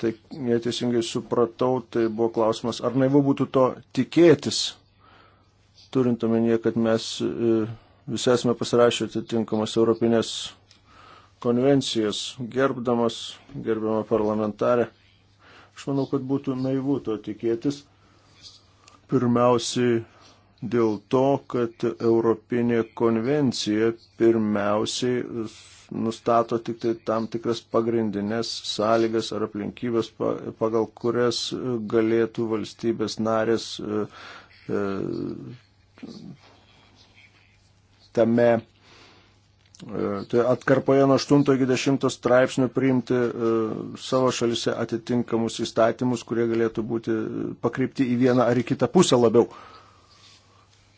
Tai neteisingai supratau, tai buvo klausimas, ar naivu būtų to tikėtis, turint omenyje, kad mes e, visi esame pasirašę atitinkamas Europinės konvencijas, gerbdamas, gerbiamą parlamentarę. Aš manau, kad būtų naivu to tikėtis. Pirmiausiai dėl to, kad Europinė konvencija pirmiausiai nustato tik tai tam tikras pagrindinės sąlygas ar aplinkybės, pagal kurias galėtų valstybės narės e, e, tame e, tai atkarpoje nuo 8 iki 10 straipsnių priimti savo šalise atitinkamus įstatymus, kurie galėtų būti pakreipti į vieną ar į kitą pusę labiau.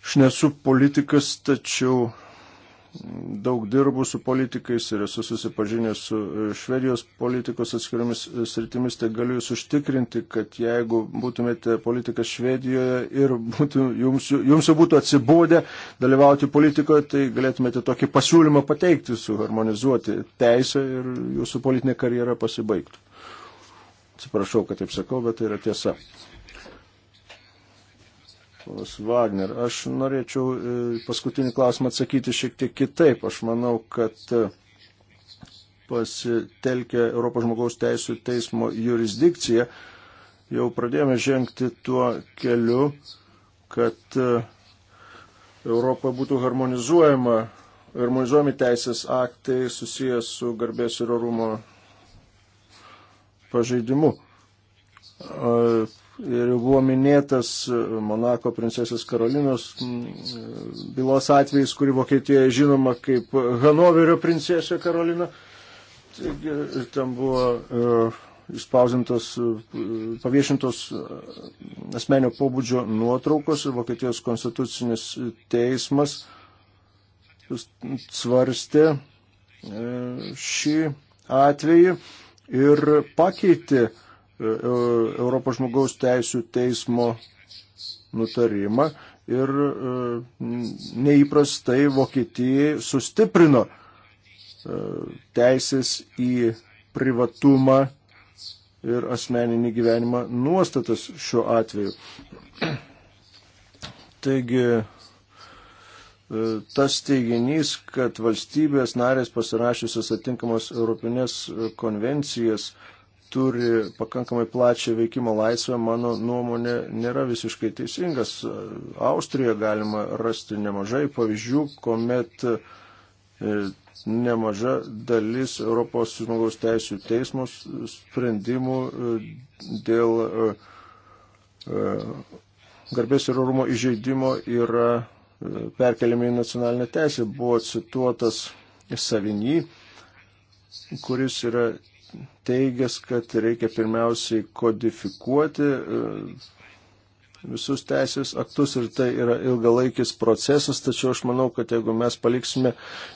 Aš nesu politikas, tačiau daug dirbu su politikais ir esu susipažinęs su e, Švedijos politikos atskiriomis e, sritimis, tai galiu jūs užtikrinti, kad jeigu būtumėte politikas Švedijoje ir būtų, jums, jums jau būtų atsibūdę dalyvauti politikoje, tai galėtumėte tokį pasiūlymą pateikti, suharmonizuoti teisę ir jūsų politinė karjera pasibaigtų. Atsiprašau, kad taip sakau, bet tai yra tiesa. Ponas Wagner, aš norėčiau e, paskutinį klausimą atsakyti šiek tiek kitaip. Aš manau, kad e, pasitelkę Europos žmogaus teisų teismo jurisdikciją jau pradėjome žengti tuo keliu, kad e, Europoje būtų harmonizuojama, harmonizuojami teisės aktai susijęs su garbės ir orumo pažeidimu ir jau buvo minėtas Monako princesės Karolinos bylos atvejis, kuri Vokietijoje žinoma kaip Hanoverio princesė Karolina. Taigi, ir ten buvo uh, e, išspausintos, uh, e, paviešintos e, asmenio pobūdžio nuotraukos ir Vokietijos konstitucinis teismas svarstė uh, šį atvejį ir pakeitė uh, E, e, Europos žmogaus teisų teismo nutarimą ir e, neįprastai Vokietijai sustiprino teisės į privatumą ir asmeninį gyvenimą nuostatas šiuo atveju. Taigi tas teiginys, kad valstybės narės pasirašiusios atinkamos Europinės konvencijas turi pakankamai plačią veikimo laisvę, mano nuomonė nėra visiškai teisingas. Austrijoje galima rasti nemažai pavyzdžių, kuomet e, nemaža dalis Europos žmogaus teisų teismų sprendimų e, dėl e, garbės ir orumo įžeidimo yra perkeliami į nacionalinę teisę. Buvo cituotas Savinį, kuris yra teigęs, kad reikia pirmiausiai kodifikuoti e, visus teisės aktus ir tai yra ilgalaikis procesas, tačiau aš manau, kad jeigu mes paliksime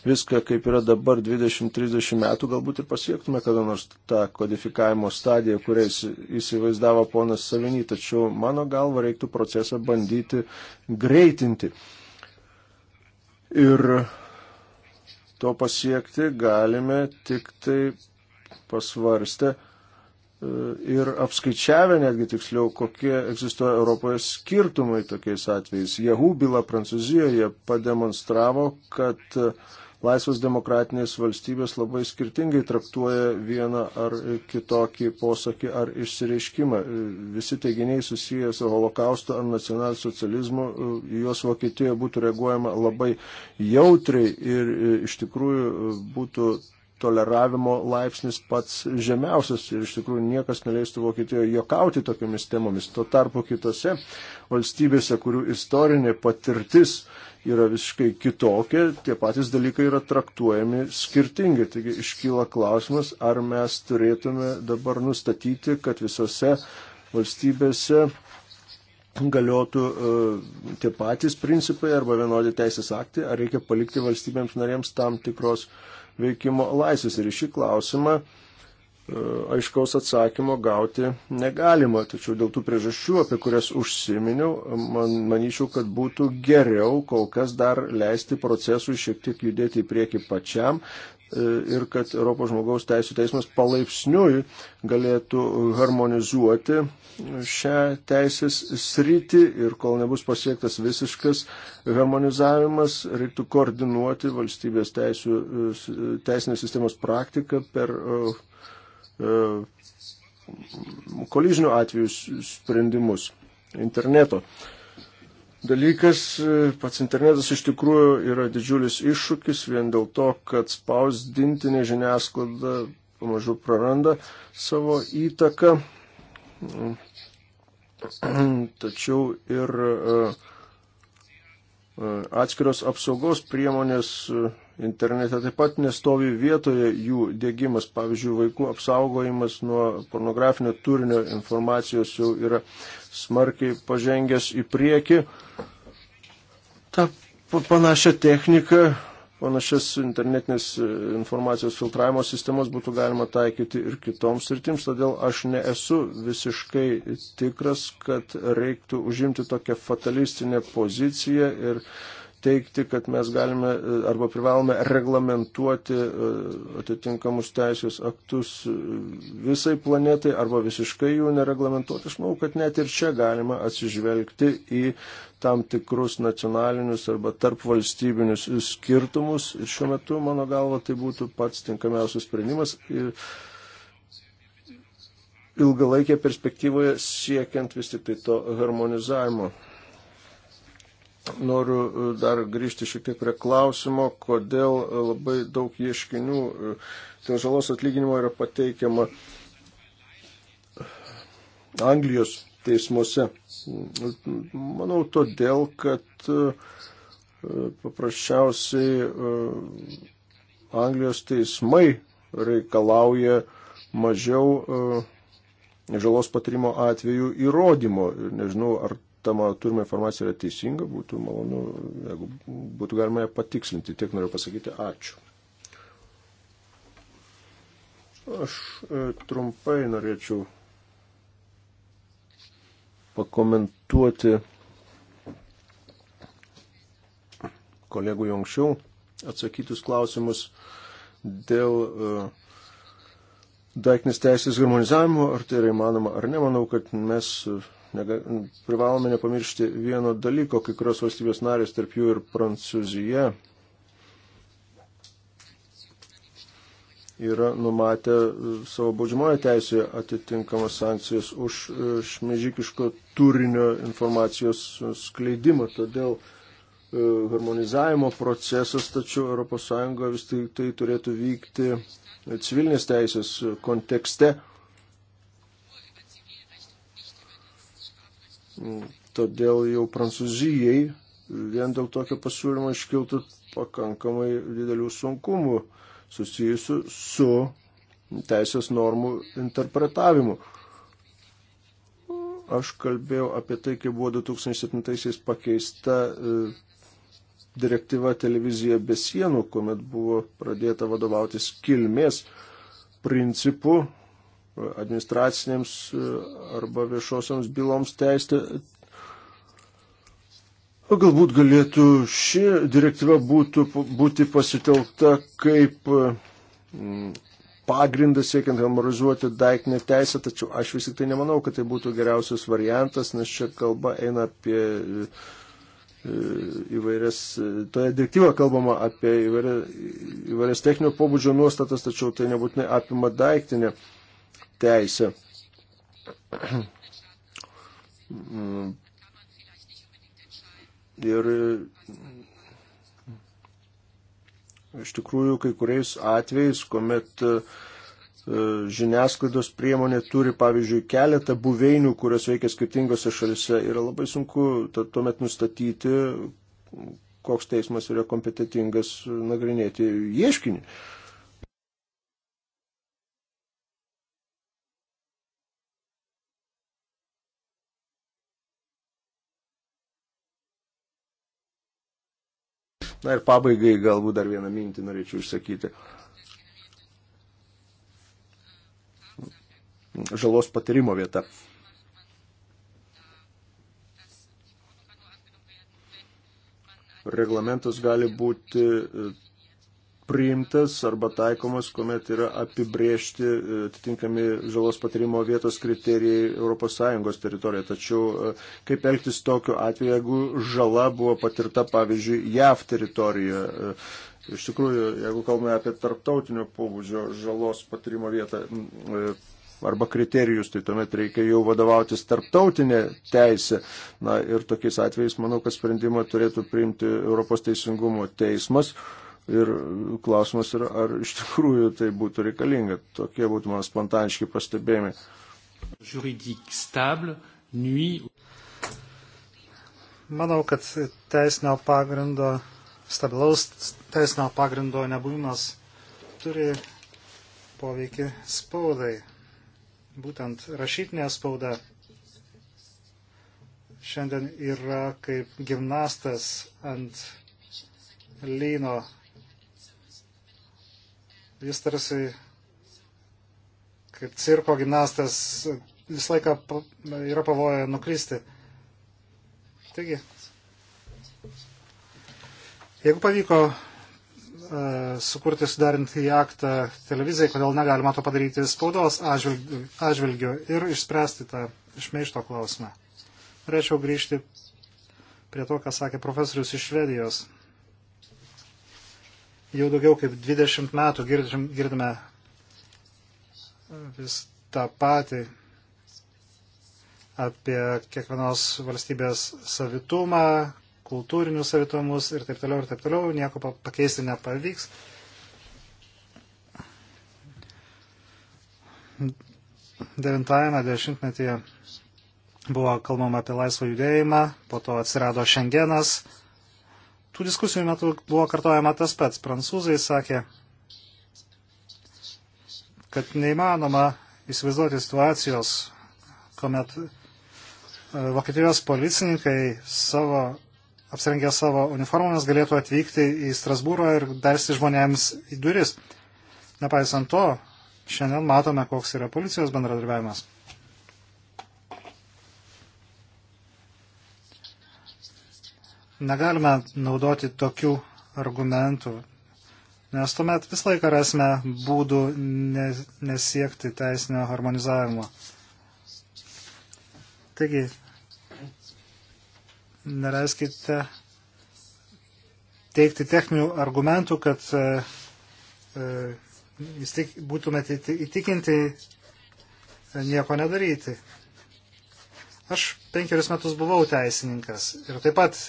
viską, kaip yra dabar 20-30 metų, galbūt ir pasiektume kada nors tą kodifikavimo stadiją, kurią įsivaizdavo ponas Saviny, tačiau mano galva reiktų procesą bandyti greitinti. Ir to pasiekti galime tik tai pasvarstę e, ir apskaičiavę netgi tiksliau, kokie egzistuoja Europoje skirtumai tokiais atvejais. Jehų byla Prancūzijoje pademonstravo, kad e, laisvas demokratinės valstybės labai skirtingai traktuoja vieną ar kitokį posakį ar išsireiškimą. E, visi teiginiai susiję su holokaustu ar nacionalsocializmu, juos Vokietijoje būtų reaguojama labai jautriai ir iš tikrųjų būtų toleravimo laipsnis pats žemiausias ir iš tikrųjų niekas neleistų Vokietijoje jokauti tokiamis temomis. Tuo tarpu kitose valstybėse, kurių istorinė patirtis yra visiškai kitokia, tie patys dalykai yra traktuojami skirtingai. Taigi iškyla klausimas, ar mes turėtume dabar nustatyti, kad visose valstybėse galiotų uh, tie patys principai arba vienodi teisės aktai, ar reikia palikti valstybėms narėms tam tikros uh, veikimo laisvės. Ir šį klausimą e, aiškaus atsakymo gauti negalima. Tačiau dėl tų priežasčių, apie kurias užsiminiau, man, manyčiau, kad būtų geriau kol kas dar leisti procesui šiek tiek judėti į priekį pačiam, E, ir kad Europos žmogaus teisų teismas palaipsniui galėtų harmonizuoti šią teisės sritį ir kol nebus pasiektas visiškas harmonizavimas, reiktų koordinuoti valstybės teisų, e, teisinės sistemos praktiką per e, koližinių atvejų sprendimus interneto dalykas. E, pats internetas iš tikrųjų yra didžiulis iššūkis vien dėl to, kad spausdintinė žiniasklaida pamažu praranda savo įtaką. Tačiau ir e, e, atskiros apsaugos priemonės internete taip pat nestovi vietoje jų dėgymas. Pavyzdžiui, vaikų apsaugojimas nuo pornografinio turinio informacijos jau yra smarkiai pažengęs į priekį. Ta panašia technika, panašias internetinės e, informacijos filtravimo sistemas būtų galima taikyti ir kitoms sritims, todėl aš nesu visiškai tikras, kad reiktų užimti tokią fatalistinę poziciją ir teikti, kad mes galime e, arba privalome reglamentuoti e, atitinkamus teisės aktus e, visai planetai arba visiškai jų nereglamentuoti. Aš manau, kad net ir čia galima atsižvelgti į tam tikrus nacionalinius arba tarp valstybinius skirtumus. Ir šiuo metu, mano galva, tai būtų pats tinkamiausias sprendimas. Ir ilgalaikė perspektyvoje siekiant vis tik tai to harmonizavimo. Noriu e, dar grįžti šiek tiek prie klausimo, kodėl e, labai daug ieškinių e, dėl žalos atlyginimo yra pateikiama Anglijos teismuose. Manau, todėl, kad paprasčiausiai Anglijos teismai reikalauja mažiau žalos patirimo atveju įrodymo. Nežinau, ar ta mano turima informacija yra teisinga, būtų malonu, jeigu būtų galima ją patikslinti. Tiek noriu pasakyti ačiū. Aš e, trumpai norėčiau pakomentuoti kolegų jau anksčiau atsakytus klausimus dėl e, daiktinės teisės harmonizavimo, ar tai yra įmanoma ar ne. Manau, kad mes nega, privalome nepamiršti vieno dalyko, kai kurios valstybės narės, tarp jų ir Prancūzija, yra numatę e, savo baudžiamojo teisėje atitinkamas sankcijas už e, šmežikiško turinio informacijos skleidimą. Todėl e, harmonizavimo procesas, tačiau ES vis tik tai turėtų vykti civilinės teisės kontekste Todėl jau Prancūzijai vien dėl tokio pasiūlymo iškiltų pakankamai didelių sunkumų susijusių su teisės normų interpretavimu. Aš kalbėjau apie tai, kaip buvo 2007 pakeista e, direktyva televizija be sienų, kuomet buvo pradėta vadovautis kilmės principu administracinėms e, arba viešosioms byloms teisti. Galbūt galėtų ši direktyva būtų, būti pasitelkta kaip e, pagrindas siekiant harmonizuoti daiktinę teisę, tačiau aš vis tik tai nemanau, kad tai būtų geriausias variantas, nes čia kalba eina apie e, įvairias, toje direktyvoje kalbama apie įvairias, įvairias techninio pobūdžio nuostatas, tačiau tai nebūtinai apima daiktinę teisę. Ir iš tikrųjų kai kuriais atvejais, kuomet e, žiniasklaidos priemonė turi, pavyzdžiui, keletą buveinių, kurios veikia skirtingose šalise, yra labai sunku tuomet nustatyti, koks teismas yra kompetitingas nagrinėti ieškinį. Na ir pabaigai galbūt dar vieną mintį norėčiau išsakyti. Žalos patirimo vieta. Reglamentas gali būti priimtas arba taikomas, kuomet yra apibriežti e, atitinkami žalos patirimo vietos kriterijai ES teritorijoje. Tačiau e, kaip elgtis tokiu atveju, jeigu žala buvo patirta, pavyzdžiui, JAV teritorijoje. E, iš tikrųjų, jeigu kalbame apie tarptautinio pobūdžio žalos patirimo vietą arba kriterijus, tai tuomet reikia jau vadovautis tarptautinė teisė. Na ir tokiais atvejais manau, kad sprendimą turėtų priimti Europos teisingumo teismas. Uh, Ir klausimas yra, ar iš tikrųjų tai būtų reikalinga. Tokie būtų mano spontaniški pastebėjimai. Manau, kad teisinio pagrindo, stabilaus teisinio pagrindo nebūimas turi poveikį spaudai. Būtent rašytinė spauda šiandien yra kaip gimnastas ant lyno Jis tarsi kaip cirko gimnastas visą laiką yra pavoja nukristi. Taigi, jeigu pavyko uh, sukurti sudarinti į aktą televizijai, kodėl negalima to padaryti spaudos atžvilgiu, atžvilgiu ir išspręsti tą šmeišto klausimą. Norėčiau grįžti prie to, ką sakė profesorius iš Švedijos. Jau daugiau kaip 20 metų girdim, girdime e, vis tą patį apie kiekvienos valstybės savitumą, kultūrinius savitumus ir taip toliau ir taip toliau. Nieko pakeisti nepavyks. Devintajame dešimtmetyje buvo kalbama apie laisvą judėjimą, po to atsirado Šengenas, Tų diskusijų metu buvo kartojama tas pats. Prancūzai sakė, kad neįmanoma įsivaizduoti situacijos, kuomet e, Vokietijos policininkai savo, apsirengę savo uniformomis galėtų atvykti į Strasbūrą ir darsti žmonėms į duris. Nepaisant to, šiandien matome, koks yra policijos bendradarbiavimas. Negalime naudoti tokių argumentų, nes tuomet visą laiką rasime būdų nesiekti teisinio harmonizavimo. Taigi, neleiskite teikti techninių argumentų, kad e, e, vis tik būtumėte įtikinti e, nieko nedaryti. Aš penkerius metus buvau teisininkas ir taip pat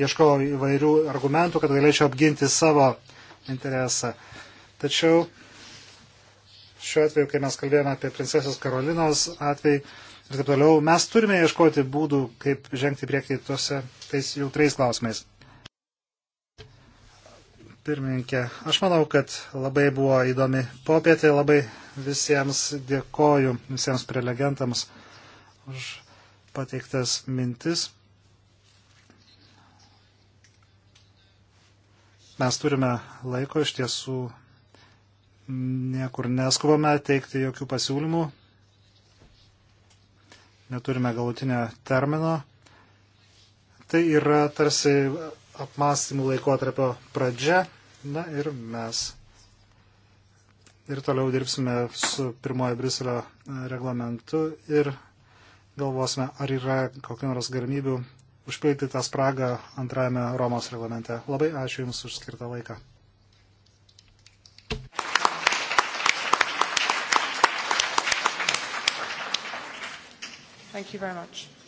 ieškojau įvairių argumentų, kad galėčiau apginti savo interesą. Tačiau šiuo atveju, kai mes kalbėjome apie princesės Karolinos atvejį ir taip toliau, mes turime ieškoti būdų, kaip žengti priekį tuose tais jautriais klausimais. Pirmininkė, aš manau, kad labai buvo įdomi popietė, labai visiems dėkoju, visiems prelegentams už pateiktas mintis. mes turime laiko iš tiesų, niekur neskubame teikti jokių pasiūlymų, neturime galutinio termino. Tai yra tarsi apmąstymų laikotarpio pradžia. Na ir mes ir toliau dirbsime su pirmojo Briselio reglamentu ir galvosime, ar yra kokių nors galimybių užpildyti tą spragą antrajame Romos reglamente. Labai ačiū Jums už skirtą laiką. Thank you very much.